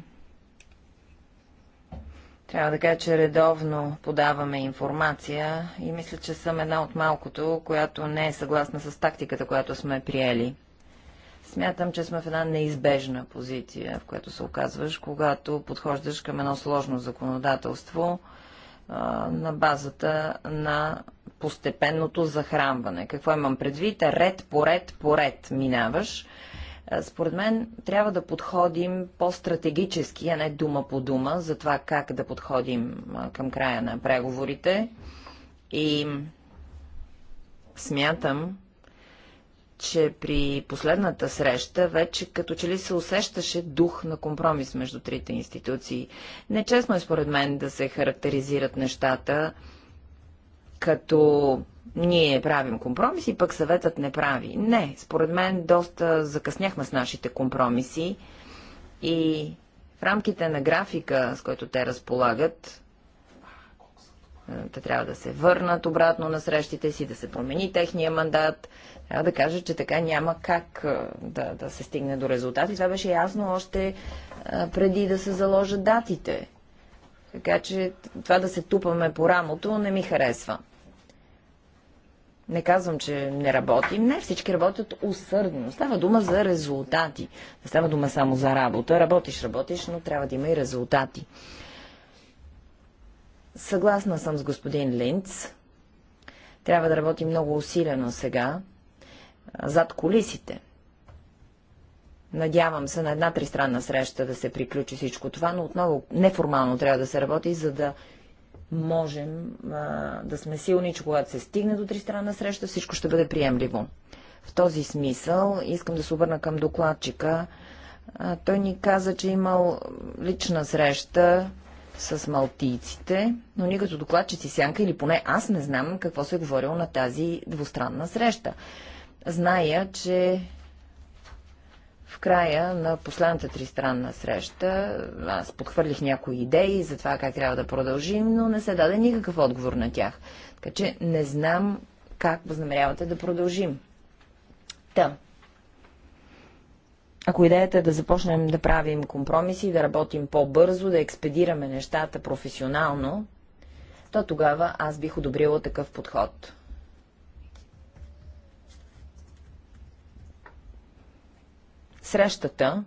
трябва да кажа, че редовно подаваме информация и мисля, че съм една от малкото, която не е съгласна с тактиката, която сме приели. Смятам, че сме в една неизбежна позиция, в която се оказваш, когато подхождаш към едно сложно законодателство – на базата на постепенното захранване. Какво имам предвид? Ред по ред по ред минаваш. Според мен трябва да подходим по-стратегически, а не дума по дума, за това как да подходим към края на преговорите. И смятам, че при последната среща вече като че ли се усещаше дух на компромис между трите институции. Нечестно е според мен да се характеризират нещата като ние правим компромиси, пък съветът не прави. Не, според мен доста закъсняхме с нашите компромиси и в рамките на графика, с който те разполагат, е, те трябва да се върнат обратно на срещите си, да се промени техния мандат, трябва да кажа, че така няма как да, да се стигне до резултати. Това беше ясно още преди да се заложат датите. Така че това да се тупаме по рамото не ми харесва. Не казвам, че не работим. Не, всички работят усърдно. Става дума за резултати. Не става дума само за работа. Работиш, работиш, но трябва да има и резултати. Съгласна съм с господин Линц. Трябва да работи много усилено сега, зад колисите. Надявам се на една тристранна среща да се приключи всичко това, но отново неформално трябва да се работи, за да можем а, да сме силни, че когато се стигне до тристранна среща, всичко ще бъде приемливо. В този смисъл искам да се обърна към докладчика. А, той ни каза, че е имал лична среща с малтийците, но ние като докладчици Сянка или поне аз не знам какво се е говорило на тази двустранна среща. Зная, че в края на последната тристранна среща аз подхвърлих някои идеи за това как трябва да продължим, но не се даде никакъв отговор на тях. Така че не знам как възнамерявате да продължим. Та. Ако идеята е да започнем да правим компромиси, да работим по-бързо, да експедираме нещата професионално, то тогава аз бих одобрила такъв подход. Срещата,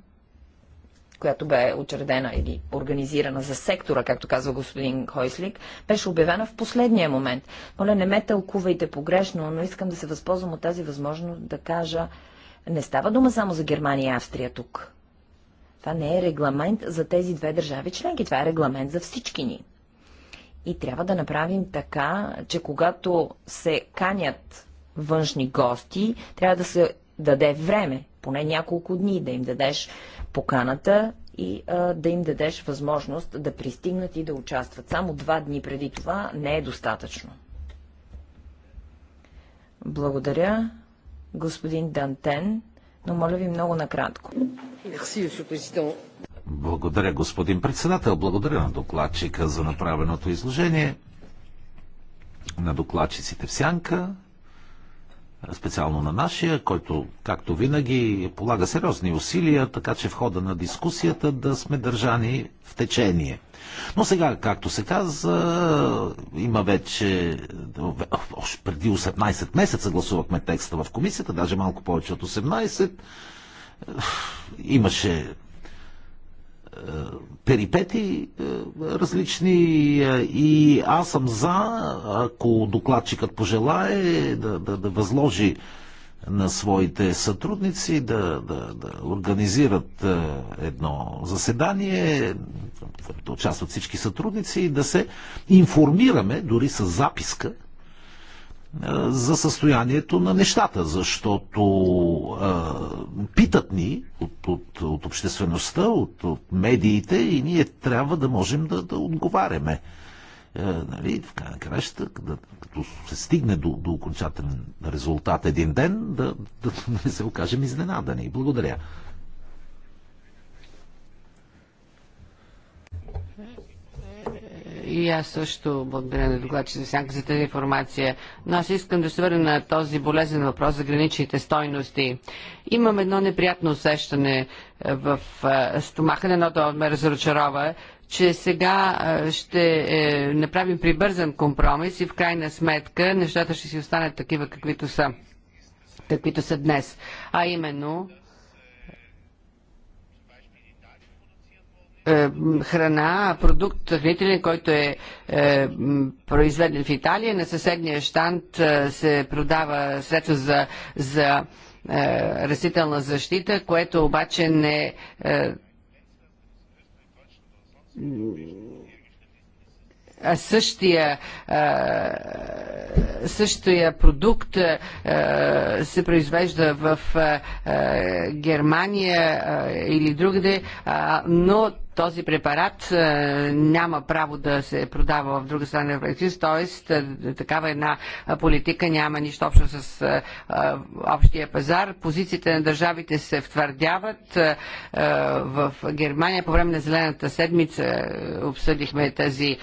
която бе учредена или организирана за сектора, както казва господин Хойслик, беше обявена в последния момент. Моля, не ме тълкувайте погрешно, но искам да се възползвам от тази възможност да кажа, не става дума само за Германия и Австрия тук. Това не е регламент за тези две държави членки, това е регламент за всички ни. И трябва да направим така, че когато се канят външни гости, трябва да се даде време поне няколко дни, да им дадеш поканата и а, да им дадеш възможност да пристигнат и да участват. Само два дни преди това не е достатъчно. Благодаря, господин Дантен, но моля ви много накратко. Благодаря, господин председател. Благодаря на докладчика за направеното изложение, на докладчиците в Сянка специално на нашия, който, както винаги, полага сериозни усилия, така че в хода на дискусията да сме държани в течение. Но сега, както се каза, има вече, още преди 18 месеца гласувахме текста в комисията, даже малко повече от 18. Имаше перипети е, различни е, и аз съм за, ако докладчикът пожелае да, да, да възложи на своите сътрудници да, да, да организират е, едно заседание, в което участват всички сътрудници и да се информираме дори с записка е, за състоянието на нещата, защото а, е, питат ни от, от, от обществеността, от, от медиите и ние трябва да можем да, да отговаряме. А, е, нали, в крайна краща, да, като се стигне до, до окончателен резултат един ден, да, да [LAUGHS] не се окажем изненадани. Благодаря. И аз също благодаря на за Сянка за тази информация. Но аз искам да се върна на този болезнен въпрос за граничните стойности. Имам едно неприятно усещане е, в е, стомаха, едното ме разочарова, че сега е, ще направим прибързан компромис и в крайна сметка нещата ще си останат такива, каквито са, каквито са днес. А именно Е, храна, продукт хранителен, който е, е произведен в Италия, на съседния штант е, се продава средство за, за е, растителна защита, което обаче не е, същия, е, същия продукт се произвежда в Германия или а, но този препарат е, няма право да се продава в друга страна на Европейския съюз, т.е. такава една е, политика няма нищо общо с е, общия пазар. Позициите на държавите се втвърдяват. В Германия по време на Зелената седмица обсъдихме тази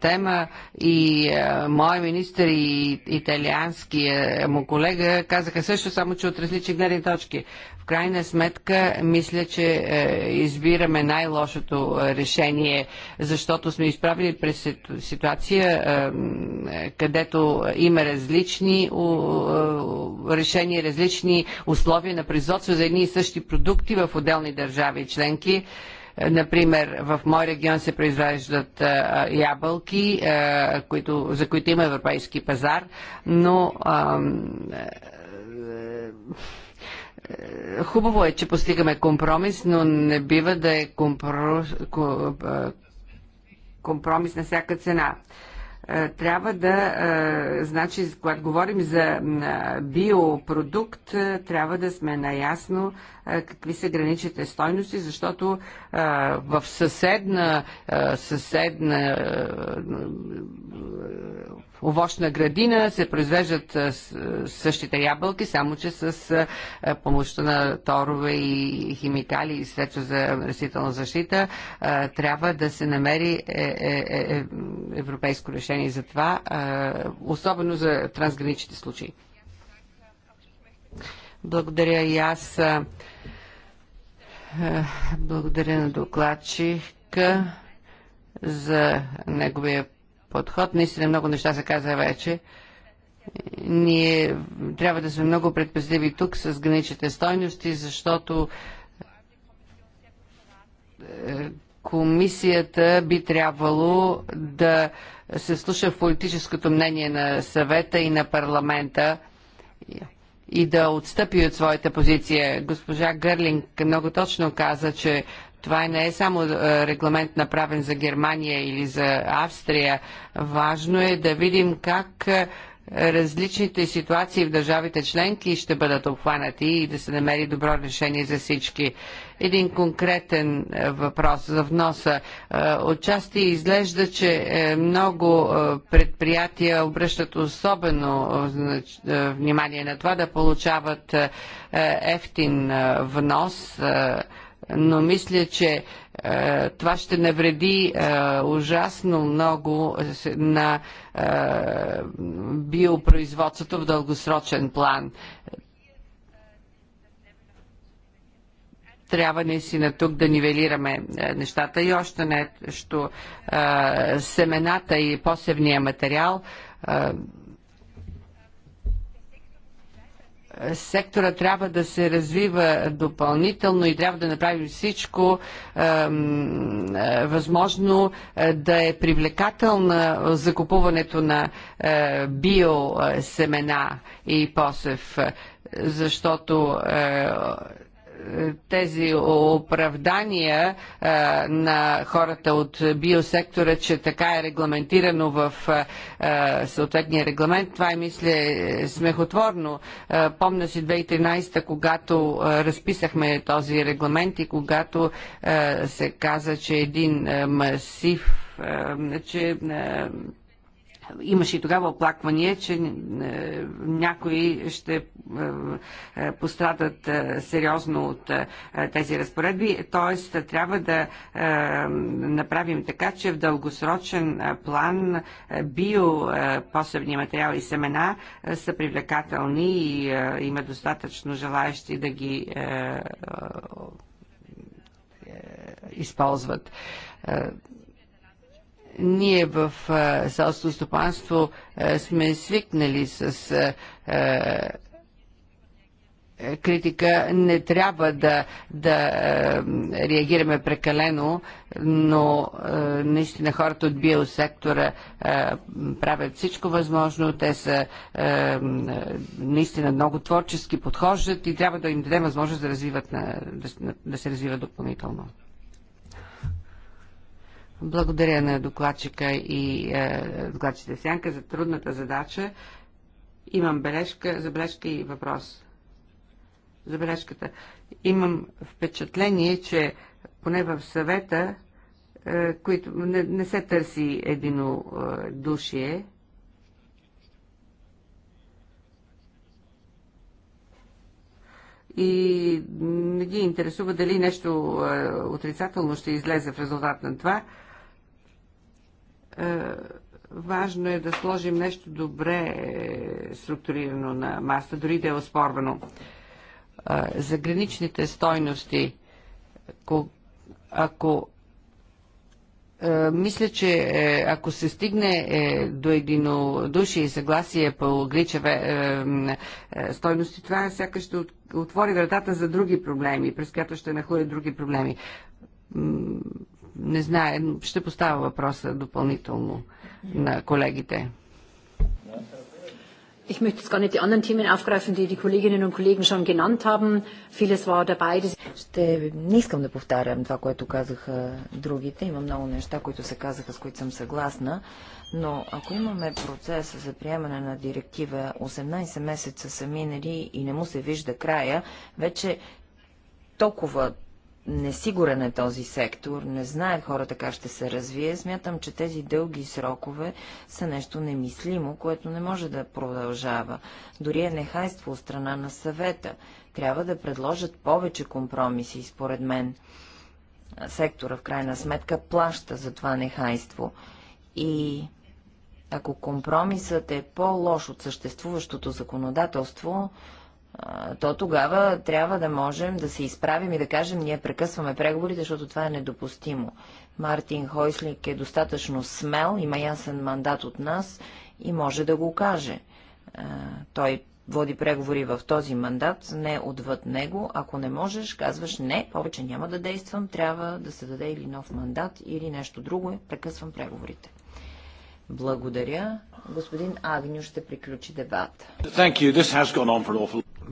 тема и моят министр и италианския му колега казаха също, само че от различни гледни точки крайна сметка мисля, че е, избираме най-лошото е, решение, защото сме изправили през ситуация, е, където има различни решения, различни условия на производство за едни и същи продукти в отделни държави и членки. Например, в мой регион се произвеждат а, ябълки, а, които, за които има европейски пазар, но а, е, хубаво е, че постигаме компромис, но не бива да е компромис, е, компромис на всяка цена е, трябва да, значи, когато говорим за биопродукт, трябва да сме наясно какви са граничните стойности, защото в съседна, съседна овощна градина се произвеждат същите ябълки, само че с помощта на торове и химикали и средства за растителна защита. Трябва да се намери е, е, е, европейско решение за това, особено за трансграничните случаи. Благодаря и аз. Благодаря на докладчика за неговия подход. Наистина много неща се каза вече. Ние трябва да сме много предпазливи тук с граничните стойности, защото е, комисията би трябвало да се слуша в политическото мнение на съвета и на парламента и да отстъпи от своята позиция. Госпожа Гърлинг много точно каза, че това е не е само е, регламент направен за Германия или за Австрия. Важно е да видим как е, различните ситуации в държавите членки ще бъдат обхванати и да се намери добро решение за всички. Един конкретен въпрос за вноса. Отчасти изглежда, че много предприятия обръщат особено внимание на това да получават ефтин внос но мисля, че е, това ще навреди е, ужасно много на е, биопроизводството в дългосрочен план. трябва си на тук да нивелираме нещата и още нещо. Семената и посевния материал сектора трябва да се развива допълнително и трябва да направим всичко е, възможно е, да е привлекателна закупуването на е, биосемена е, и посев, е, защото е, тези оправдания а, на хората от биосектора, че така е регламентирано в а, съответния регламент, това е, мисля, смехотворно. А, помня си 2013, когато а, разписахме този регламент и когато а, се каза, че един а, масив, а, че. А, Имаше и тогава оплаквания, че е, някои ще е, е, пострадат сериозно от тези разпоредби, т.е. трябва да направим така, че в дългосрочен план био материали и семена са привлекателни и има достатъчно желаящи да ги използват. Ние в селското стопанство сме свикнали с критика не трябва да, да реагираме прекалено, но наистина хората от биосектора правят всичко възможно. Те са наистина много творчески подхождат и трябва да им дадем възможност да, развиват, да, да се развиват допълнително. Благодаря на докладчика и е, докладчите Сянка за трудната задача. Имам бележка, забележка и въпрос. Забележката. Имам впечатление, че поне в съвета, е, които не, не се търси едино е, и не ги интересува дали нещо е, отрицателно ще излезе в резултат на това. Е, важно е да сложим нещо добре е, структурирано на маста, дори да е оспорвано. Е, за граничните стойности, ако, ако мисля, че ако се стигне до единодушие и съгласие по Гричеве стойности, това сякаш ще отвори вратата за други проблеми, през която ще нахлуят други проблеми не знае, ще поставя въпроса допълнително на колегите. Ich möchte jetzt gar nicht die anderen Themen aufgreifen, die die Kolleginnen und Kollegen schon genannt haben. Vieles war dabei. Ще не искам да повтарям това, което казаха другите. Има много неща, които се казаха, с които съм съгласна. Но ако имаме процес за приемане на директива, 18 месеца са минали и не му се вижда края, вече толкова несигурен е този сектор, не знаят хората как ще се развие. Смятам, че тези дълги срокове са нещо немислимо, което не може да продължава. Дори е нехайство от страна на съвета. Трябва да предложат повече компромиси, според мен. Сектора, в крайна сметка, плаща за това нехайство. И ако компромисът е по-лош от съществуващото законодателство, то тогава трябва да можем да се изправим и да кажем, ние прекъсваме преговорите, защото това е недопустимо. Мартин Хойслик е достатъчно смел, има ясен мандат от нас и може да го каже. Той води преговори в този мандат, не отвъд него. Ако не можеш, казваш не, повече няма да действам, трябва да се даде или нов мандат, или нещо друго, прекъсвам преговорите. Благодаря. Господин Агню ще приключи дебата.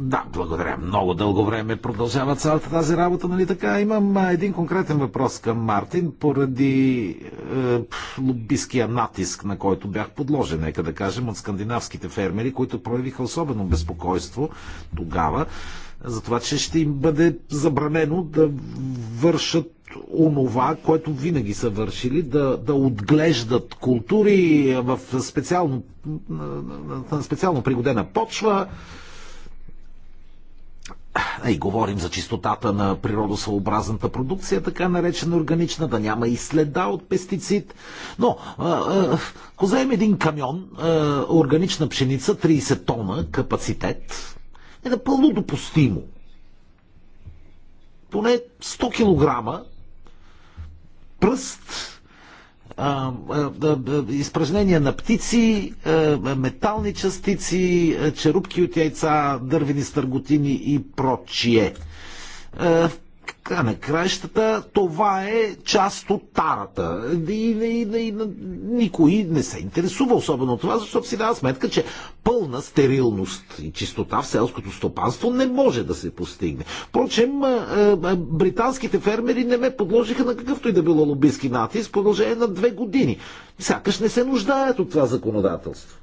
Да, благодаря. Много дълго време продължава цялата тази работа, нали така? Имам един конкретен въпрос към Мартин, поради е, лобистския натиск, на който бях подложен, нека да кажем, от скандинавските фермери, които проявиха особено безпокойство тогава за това, че ще им бъде забранено да вършат онова, което винаги са вършили, да, да отглеждат култури в специално, на специално пригодена почва. И говорим за чистотата на природосъобразната продукция, така наречена органична, да няма и следа от пестицид. Но, ако вземем един камион, органична пшеница, 30 тона капацитет, е напълно допустимо. Поне 100 кг пръст, изпражнения на птици, метални частици, черупки от яйца, дървени стърготини и прочие края на краищата това е част от тарата. И, и, и, и никой не се интересува особено от това, защото си дава сметка, че пълна стерилност и чистота в селското стопанство не може да се постигне. Впрочем, британските фермери не ме подложиха на какъвто и да било лобистки натиск в продължение на две години. Сякаш не се нуждаят от това законодателство.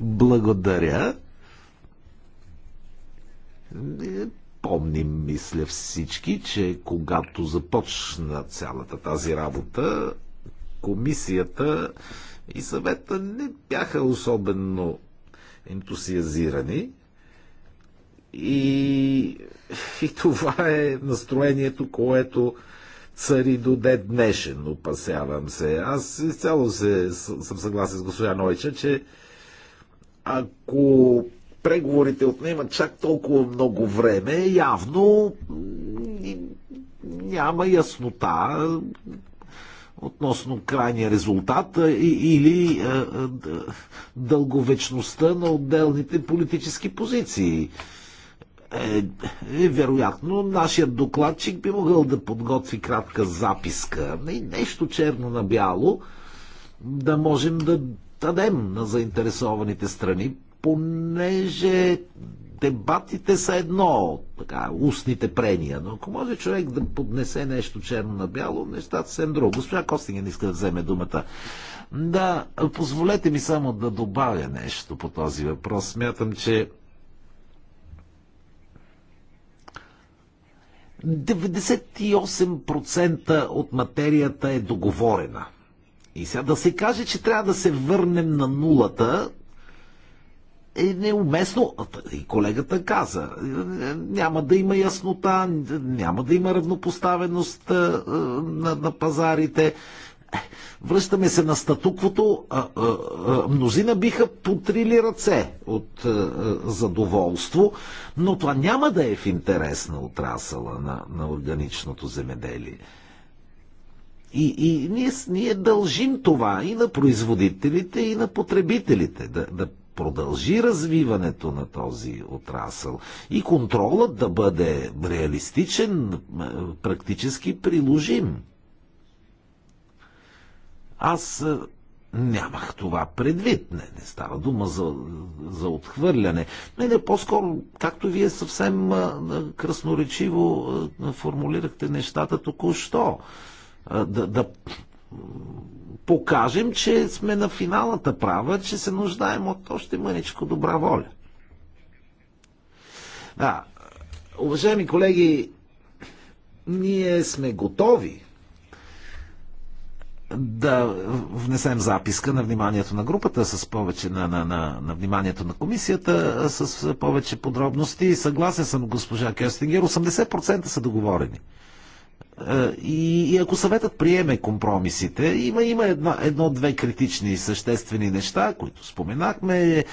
Благодаря. Помним, мисля всички, че когато започна цялата тази работа, комисията и съвета не бяха особено ентусиазирани. И, и това е настроението, което цари до ден днешен, опасявам се. Аз изцяло се, съм съгласен с госпожа Нойча, че ако преговорите отнемат чак толкова много време, явно няма яснота относно крайния резултат или дълговечността на отделните политически позиции. Е, е, вероятно, нашият докладчик би могъл да подготви кратка записка. Нещо черно на бяло да можем да дадем на заинтересованите страни понеже дебатите са едно, така, устните прения, но ако може човек да поднесе нещо черно на бяло, нещата са друго. Госпожа Костинген иска да вземе думата. Да, позволете ми само да добавя нещо по този въпрос. Смятам, че 98% от материята е договорена. И сега да се каже, че трябва да се върнем на нулата, е неуместно, и колегата каза, няма да има яснота, няма да има равнопоставеност е, на, на пазарите. Връщаме се на статуквото. Е, е, мнозина биха потрили ръце от задоволство, но това няма да е в интерес на отрасъла на, на органичното земеделие. И, и ние, ние дължим това и на производителите, и на потребителите да, да продължи развиването на този отрасъл и контролът да бъде реалистичен, практически приложим. Аз е, нямах това предвид. Не, не става дума за, за отхвърляне. Не, не, по-скоро, както вие съвсем е, е, красноречиво формулирахте нещата току-що. да, да покажем, че сме на финалната права, че се нуждаем от още мъничко добра воля. Да, уважаеми колеги, ние сме готови да внесем записка на вниманието на групата, с повече на, на, на, на вниманието на комисията, с повече подробности. Съгласен съм, госпожа Кестингер, 80% са договорени. Е, и, и ако съветът приеме компромисите, има, има едно-две критични и съществени неща, които споменахме, е,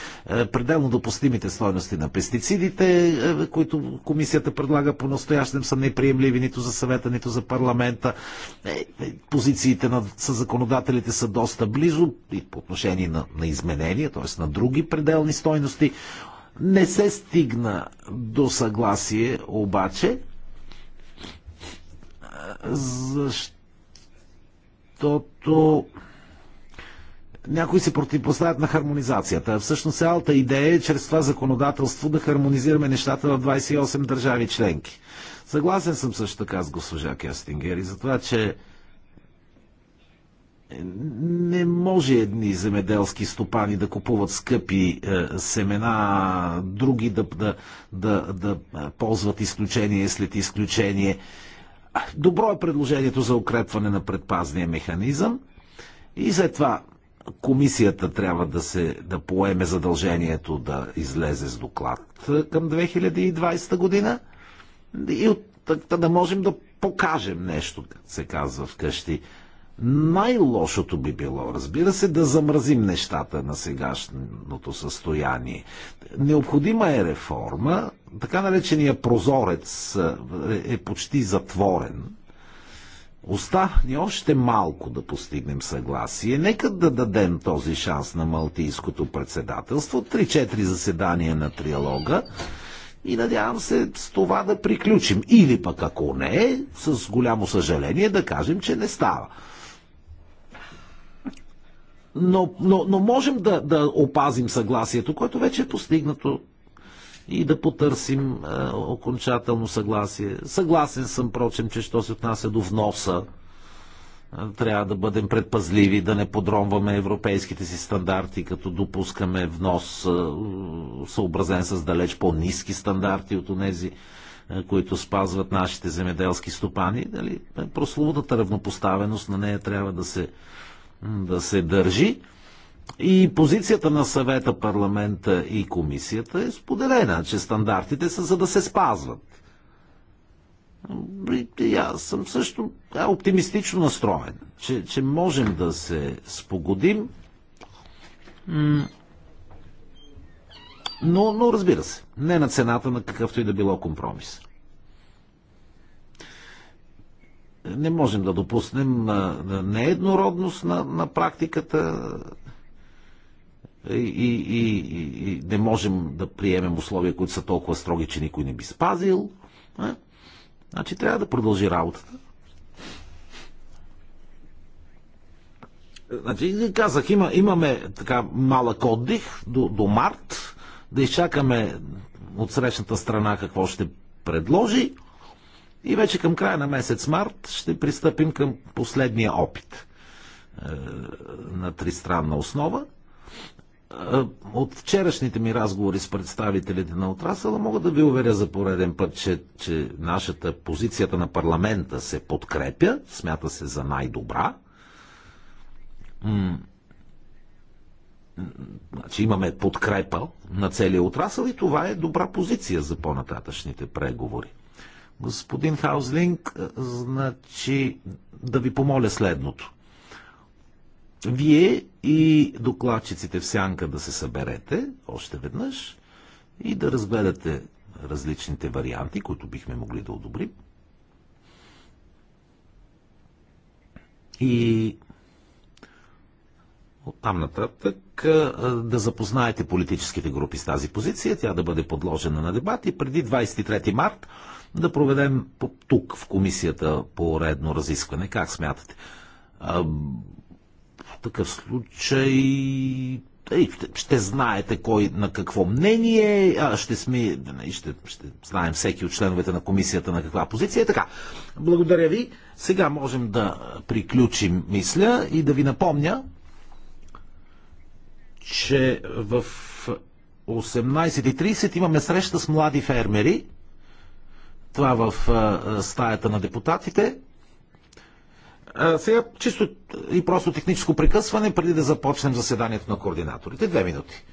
пределно допустимите стоености на пестицидите, е, които комисията предлага по-настоящем са неприемливи нито за съвета, нито за парламента. Позициите на законодателите са доста близо и по отношение на, на изменения, т.е. на други пределни стоености, Не се стигна до съгласие обаче защото някои се противопоставят на хармонизацията. Всъщност цялата идея е чрез това законодателство да хармонизираме нещата в 28 държави членки. Съгласен съм също така с госпожа Кестингер и за това, че не може едни земеделски стопани да купуват скъпи е, семена, други да, да, да, да е, ползват изключение след изключение. Добро е предложението за укрепване на предпазния механизъм и след това комисията трябва да, се, да поеме задължението да излезе с доклад към 2020 година и от, да, да можем да покажем нещо, се казва вкъщи. Най-лошото би било, разбира се, да замразим нещата на сегашното състояние. Необходима е реформа. Така наречения прозорец е, е почти затворен. Остава ни още малко да постигнем съгласие. Нека да дадем този шанс на Малтийското председателство. 3-4 заседания на триалога и надявам се с това да приключим. Или пък ако не, с голямо съжаление да кажем, че не става но, но, но можем да, да опазим съгласието, което вече е постигнато и да потърсим е, окончателно съгласие. Съгласен съм, прочим, че що се отнася до вноса, е, трябва да бъдем предпазливи, да не подронваме европейските си стандарти, като допускаме внос е, съобразен с далеч по-низки стандарти от тези, е, които спазват нашите земеделски стопани. Дали, е, прословутата равнопоставеност на нея трябва да се да се държи. И позицията на съвета, парламента и комисията е споделена, че стандартите са за да се спазват. И аз съм също да, оптимистично настроен, че, че можем да се спогодим. Но, но разбира се, не на цената на какъвто и да било компромис. Не можем да допуснем нееднородност на, на практиката и, и, и, и не можем да приемем условия, които са толкова строги, че никой не би спазил. А? Значи трябва да продължи работата. Значи, казах, има, имаме така малък отдих до, до март, да изчакаме от срещната страна какво ще предложи и вече към края на месец март ще пристъпим към последния опит е, на тристранна основа. Е, от вчерашните ми разговори с представителите на отрасъла мога да ви уверя за пореден път, че, че нашата позицията на парламента се подкрепя, смята се за най-добра. Значи имаме подкрепа на целия отрасъл и това е добра позиция за по-нататъчните преговори. Господин Хаузлинг, значи да ви помоля следното. Вие и докладчиците в сянка да се съберете още веднъж и да разгледате различните варианти, които бихме могли да одобрим. И оттам нататък да запознаете политическите групи с тази позиция, тя да бъде подложена на дебат и преди 23 март да проведем тук в комисията по редно разискване. Как смятате? А, в такъв случай и ще знаете кой на какво мнение, а ще, сме, ще, ще знаем всеки от членовете на комисията на каква позиция. Така, благодаря ви. Сега можем да приключим мисля и да ви напомня, че в 18.30 имаме среща с млади фермери, това в стаята на депутатите. Сега чисто и просто техническо прекъсване, преди да започнем заседанието на координаторите. Две минути.